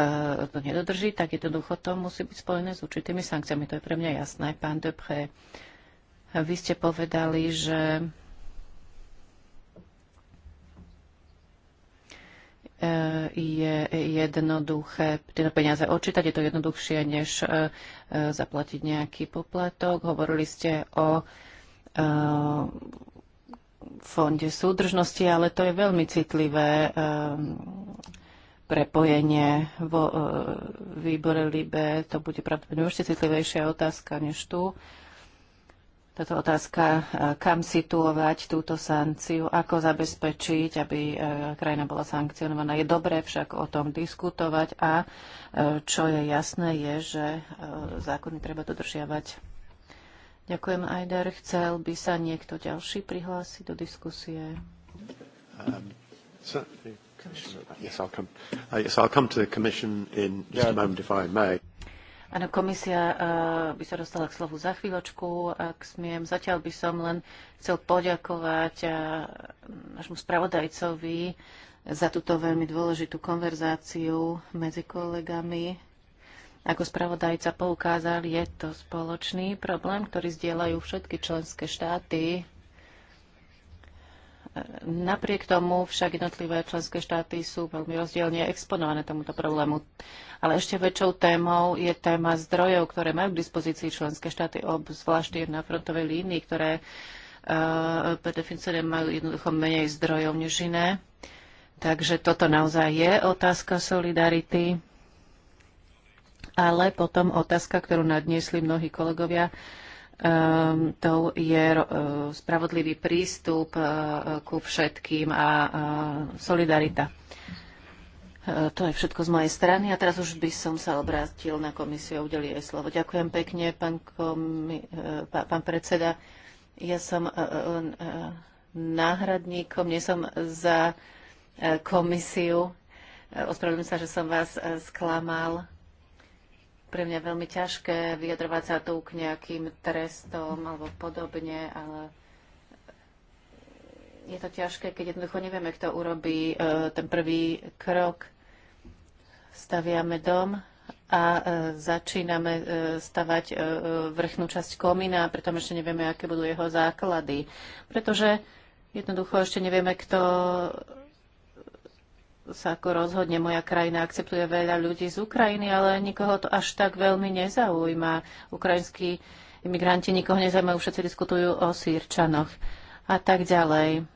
A: to nedodrží, tak jednoducho to musí byť spojené s určitými sankciami. To je pre mňa jasné. Pán Depré, vy ste povedali, že E, je jednoduché tieto peniaze odčítať. Je to jednoduchšie, než e, e, zaplatiť nejaký poplatok. Hovorili ste o fonde súdržnosti, ale to je veľmi citlivé prepojenie vo výbore LIBE. To bude pravdepodobne ešte citlivejšia otázka než tu táto otázka, e, kam situovať túto sankciu, ako zabezpečiť, aby e, krajina bola sankcionovaná. Je dobré však o tom diskutovať a e, čo je jasné, je, že zákony treba dodržiavať. Ďakujem, Ajder. Chcel by sa niekto ďalší prihlásiť do diskusie? Um, so, yes, I'll come, uh, yes, I'll come to the Commission in just yeah. a moment, if I may. Áno, komisia eh, by sa dostala k slovu za chvíľočku, ak smiem. Zatiaľ by som len chcel poďakovať eh, našemu spravodajcovi za túto veľmi dôležitú konverzáciu medzi kolegami. Ako spravodajca poukázal, je to spoločný problém, ktorý zdieľajú všetky členské štáty Napriek tomu však jednotlivé členské štáty sú veľmi rozdielne exponované tomuto problému. Ale ešte väčšou témou je téma zdrojov, ktoré majú k dispozícii členské štáty, obzvlášť na frontovej línii, ktoré uh, e, definície majú jednoducho menej zdrojov než iné. Takže toto naozaj je otázka solidarity. Ale potom otázka, ktorú nadniesli mnohí kolegovia, uh, Um, je uh, spravodlivý prístup uh, ku všetkým a uh, solidarita. To je všetko z mojej strany a teraz už by som sa obrátil na komisiu a udelil jej slovo. Ďakujem pekne, pán, komi- pán predseda. Ja som náhradníkom, nie som za komisiu. Ospravedlňujem sa, že som vás sklamal pre mňa veľmi ťažké vyjadrovať sa tu k nejakým trestom alebo podobne, ale je to ťažké, keď jednoducho nevieme, kto urobí e, ten prvý krok. Staviame dom a e, začíname e, stavať vrchnú časť komína, pritom ešte nevieme, aké budú jeho základy. Pretože jednoducho ešte nevieme, kto sa ako rozhodne moja krajina akceptuje veľa ľudí z Ukrajiny, ale nikoho to až tak veľmi nezaujíma. Ukrajinskí imigranti nikoho nezaujímajú, všetci diskutujú o sírčanoch a tak ďalej.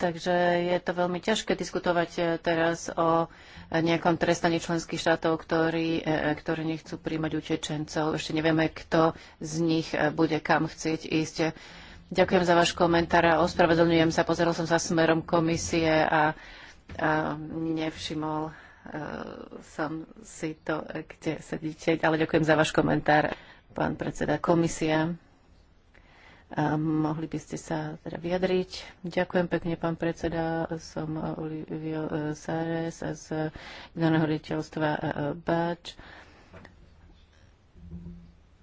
A: Takže je to veľmi ťažké diskutovať eh, teraz o eh, nejakom trestaní členských štátov, ktorí, eh, ktorí nechcú príjmať utečencov. Ešte nevieme, kto z nich bude kam chcieť ísť. Ďakujem za váš komentár a ospravedlňujem sa. Pozeral som sa smerom komisie a, a nevšimol uh, som si to, kde sedíte, ale ďakujem za váš komentár, pán predseda komisia. A e, mohli by ste sa teda vyjadriť. Ďakujem pekne, pán predseda. Som Olivio e, Sárez z generálneho riaditeľstva BAČ.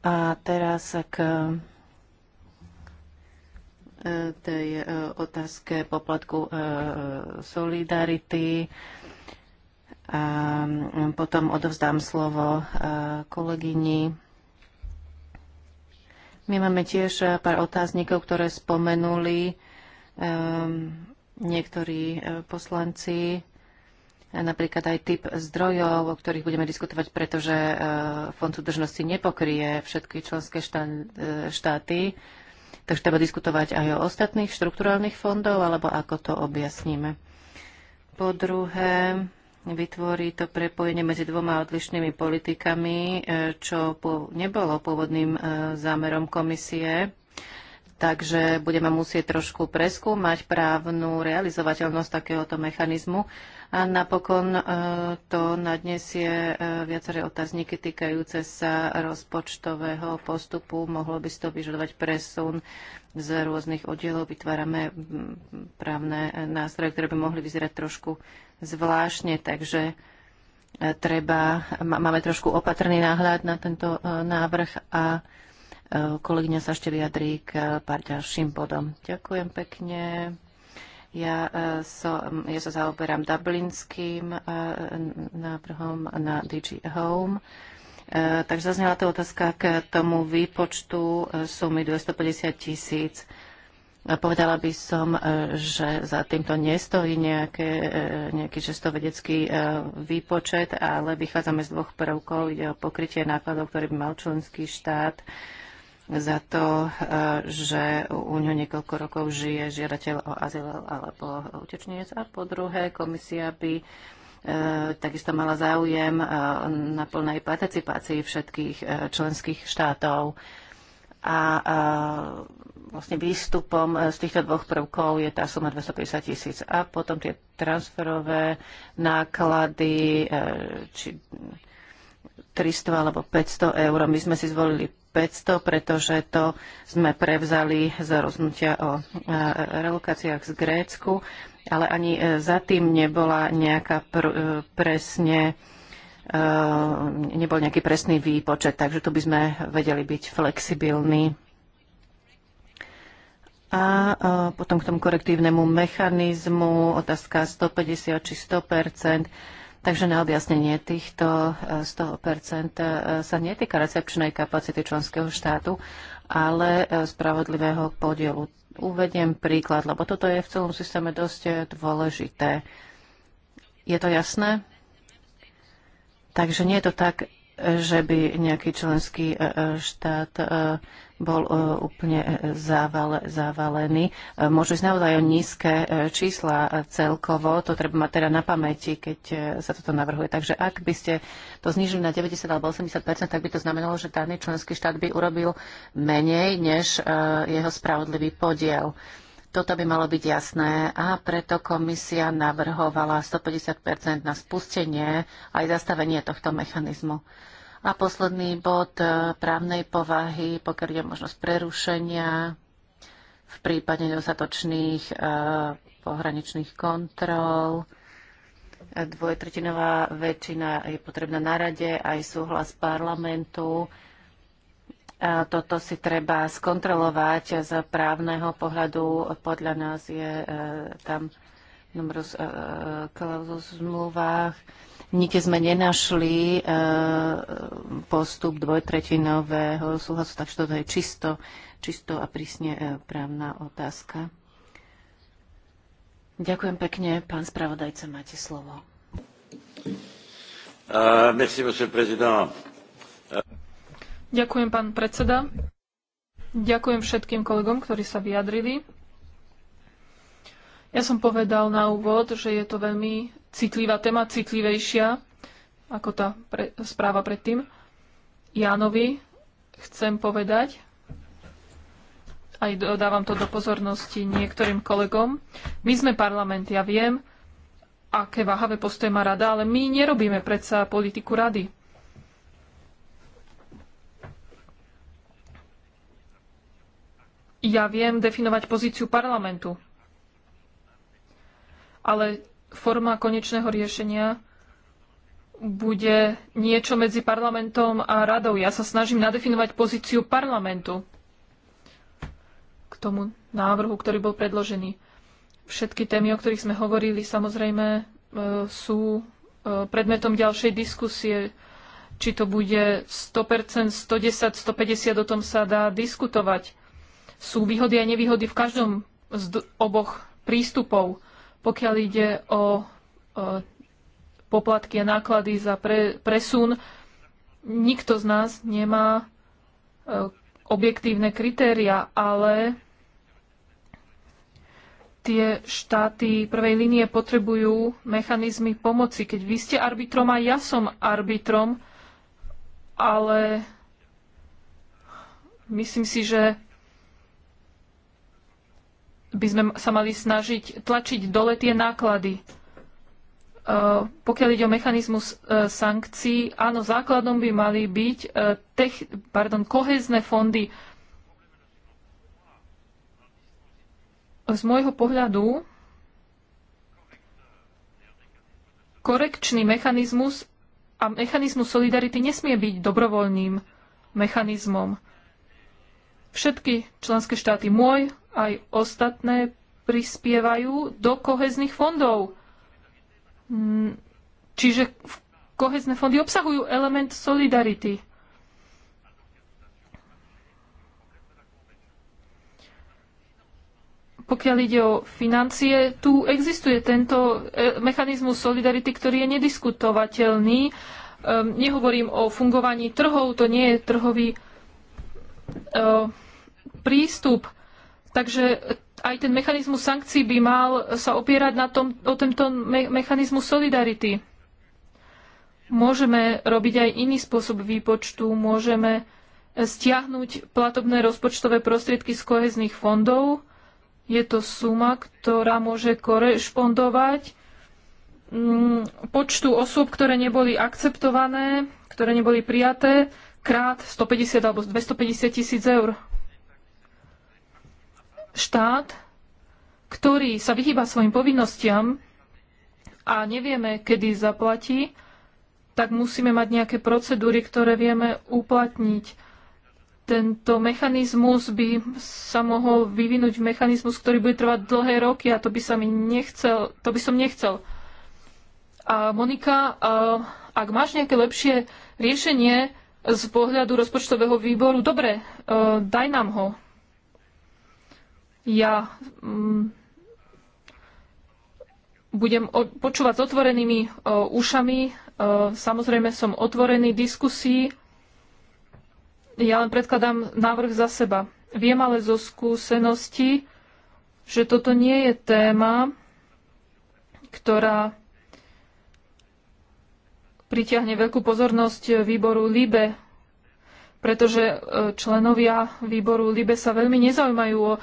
A: A teraz k tej e, otázke poplatku e, solidarity. A potom odovzdám slovo e, kolegyni. My máme tiež pár otáznikov, ktoré spomenuli niektorí poslanci napríklad aj typ zdrojov, o ktorých budeme diskutovať, pretože Fond súdržnosti nepokrie všetky členské štáty. Takže treba diskutovať aj o ostatných štrukturálnych fondov, alebo ako to objasníme. Po druhé, vytvorí to prepojenie medzi dvoma odlišnými politikami, eh, čo nebolo pôvodným eh, zámerom komisie. Takže budeme musieť trošku preskúmať právnu realizovateľnosť takéhoto mechanizmu. A napokon e, to nadnesie e, viaceré otázniky týkajúce sa rozpočtového postupu. Mohlo by to vyžadovať presun z rôznych oddielov. Vytvárame právne e, nástroje, ktoré by mohli vyzerať trošku zvláštne. Takže treba, máme trošku opatrný náhľad na tento návrh a Eh, kolegyňa sa ešte vyjadrí k eh, pár ďalším bodom. Ďakujem pekne. Ja, eh, so, mm, ja sa zaoberám dublinským návrhom na DG Home. Takže zaznela to otázka k tomu výpočtu sumy 250 tisíc. Povedala by som, že za týmto nestojí nejaké, nejaký žestovedecký výpočet, ale vychádzame z dvoch prvkov. Ide o pokrytie nákladov, ktorý by mal členský štát za to, eh, že u ňo niekoľko rokov žije žiadateľ o azyl alebo utečenec. A po druhé, komisia by eh, takisto mala záujem eh, na plnej participácii všetkých členských štátov. A vlastne výstupom z týchto dvoch prvkov je tá suma 250 tisíc. A potom tie transferové náklady, či 300 alebo 500 eur. My sme si zvolili 500, pretože to sme prevzali z rozhodnutia o e, relokáciách z Grécku, ale ani e, za tým nebola nejaká pr- e, presne nebol nejaký presný výpočet, takže tu by sme vedeli byť flexibilní. A potom k tomu korektívnemu mechanizmu, otázka 150 či 100 Takže na objasnenie týchto 100% eh, eh, sa netýka recepčnej kapacity členského štátu, ale eh, spravodlivého podielu. Uvediem príklad, lebo toto je v celom systéme dosť dôležité. Je to jasné? Takže nie je to tak, že by nejaký členský e, e, štát e, bol úplne závale, závalený. Môžu ísť naozaj o nízke čísla celkovo, to treba mať teda na pamäti, keď sa toto navrhuje. Takže ak by ste to znížili na 90 alebo 80 tak by to znamenalo, že daný členský štát by urobil menej než jeho spravodlivý podiel. Toto by malo byť jasné a preto komisia navrhovala 150 na spustenie aj zastavenie tohto mechanizmu. A posledný bod e, právnej povahy, pokiaľ je možnosť prerušenia v prípade nedostatočných e, pohraničných kontrol. E, dvojtretinová väčšina je potrebná na rade, aj súhlas parlamentu toto si treba skontrolovať z právneho pohľadu. Podľa nás je e, tam numerus e, clausus v zmluvách. Nikde sme nenašli e, postup dvojtretinového súhlasu, takže toto je čisto, čisto a prísne právna otázka. Ďakujem pekne. Pán spravodajca, máte slovo. Uh, merci, monsieur le président.
B: Ďakujem, pán predseda. Ďakujem všetkým kolegom, ktorí sa vyjadrili. Ja som povedal na úvod, že je to veľmi citlivá téma, citlivejšia ako tá pre, správa predtým. Jánovi chcem povedať, aj dávam to do pozornosti niektorým kolegom, my sme parlament, ja viem, aké váhavé postoje má rada, ale my nerobíme predsa politiku rady. ja viem definovať pozíciu parlamentu. Ale forma konečného riešenia bude niečo medzi parlamentom a radou. Ja sa snažím nadefinovať pozíciu parlamentu k tomu návrhu, ktorý bol predložený. Všetky témy, o ktorých sme hovorili, samozrejme e, sú e, predmetom ďalšej diskusie. Či to bude 100%, 110, 150, o tom sa dá diskutovať sú výhody a nevýhody v každom z oboch prístupov. Pokiaľ ide o poplatky a náklady za pre, presun, nikto z nás nemá e, objektívne kritéria, ale tie štáty prvej línie potrebujú mechanizmy pomoci. Keď vy ste arbitrom a ja som arbitrom, ale myslím si, že by sme sa mali snažiť tlačiť dole tie náklady. E, pokiaľ ide o mechanizmus e, sankcií, áno, základom by mali byť e, tech, pardon, kohezné fondy. Z môjho pohľadu korekčný mechanizmus a mechanizmus solidarity nesmie byť dobrovoľným mechanizmom Všetky členské štáty môj, aj ostatné prispievajú do kohezných fondov. Mm, čiže kohezné fondy obsahujú element solidarity. pokiaľ ide o financie, tu existuje tento e, mechanizmus solidarity, ktorý je nediskutovateľný. Ehm, nehovorím o fungovaní trhov, to nie je trhový e, prístup. Takže aj ten mechanizmus sankcií by mal sa opierať na tom, o tento me- mechanizmus solidarity. Môžeme robiť aj iný spôsob výpočtu, môžeme stiahnuť platobné rozpočtové prostriedky z kohezných fondov. Je to suma, ktorá môže korešpondovať mm, počtu osôb, ktoré neboli akceptované, ktoré neboli prijaté, krát 150 alebo 250 tisíc eur štát, ktorý sa vyhýba svojim povinnostiam a nevieme, kedy zaplatí, tak musíme mať nejaké procedúry, ktoré vieme uplatniť. Tento mechanizmus by sa mohol vyvinúť v mechanizmus, ktorý bude trvať dlhé roky a to by, sa mi nechcel, to by som nechcel. A Monika, ak máš nejaké lepšie riešenie z pohľadu rozpočtového výboru, dobre, e, daj nám ho. Ja mm, budem počúvať s otvorenými o, e, ušami. O, e, samozrejme som otvorený diskusii. Ja len predkladám návrh za seba. Viem ale zo skúsenosti, že toto nie je téma, ktorá pritiahne veľkú pozornosť výboru LIBE, pretože e, členovia výboru LIBE sa veľmi nezaujímajú o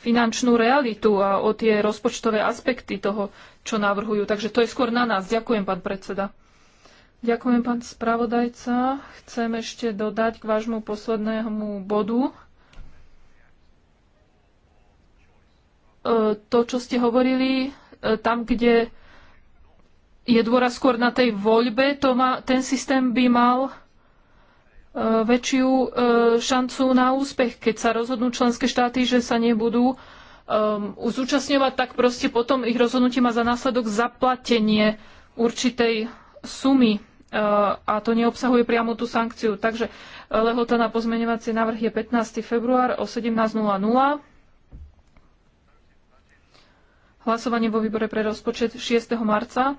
B: finančnú realitu a o tie rozpočtové aspekty toho, čo navrhujú. Takže to je skôr na nás. Ďakujem, pán predseda. Ďakujem, pán spravodajca. Chcem ešte dodať k vášmu poslednému bodu. E, to, čo ste hovorili, e, tam, kde je dôraz skôr na tej voľbe, to má, ten systém by mal E, väčšiu e, šancu na úspech, keď sa rozhodnú členské štáty, že sa nebudú e, zúčastňovať, tak proste potom ich rozhodnutie má za následok zaplatenie určitej sumy a to neobsahuje priamo tú sankciu. Takže lehota na pozmeňovací návrh je 15. február o 17.00. Hlasovanie vo výbore pre rozpočet 6. marca.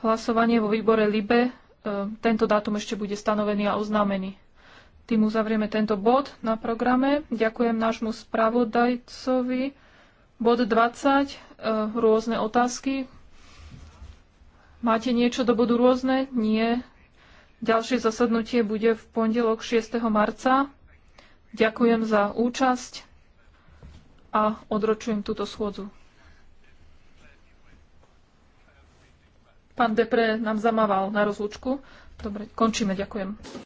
B: Hlasovanie vo výbore LIBE E, tento dátum ešte bude stanovený a oznámený. Tým uzavrieme tento bod na programe. Ďakujem nášmu spravodajcovi. Bod 20. E, rôzne otázky. Máte niečo do bodu rôzne? Nie. Ďalšie zasadnutie bude v pondelok 6. marca. Ďakujem za účasť a odročujem túto schôdzu. Pán Depre nám zamával na rozlúčku. Dobre, končíme, ďakujem.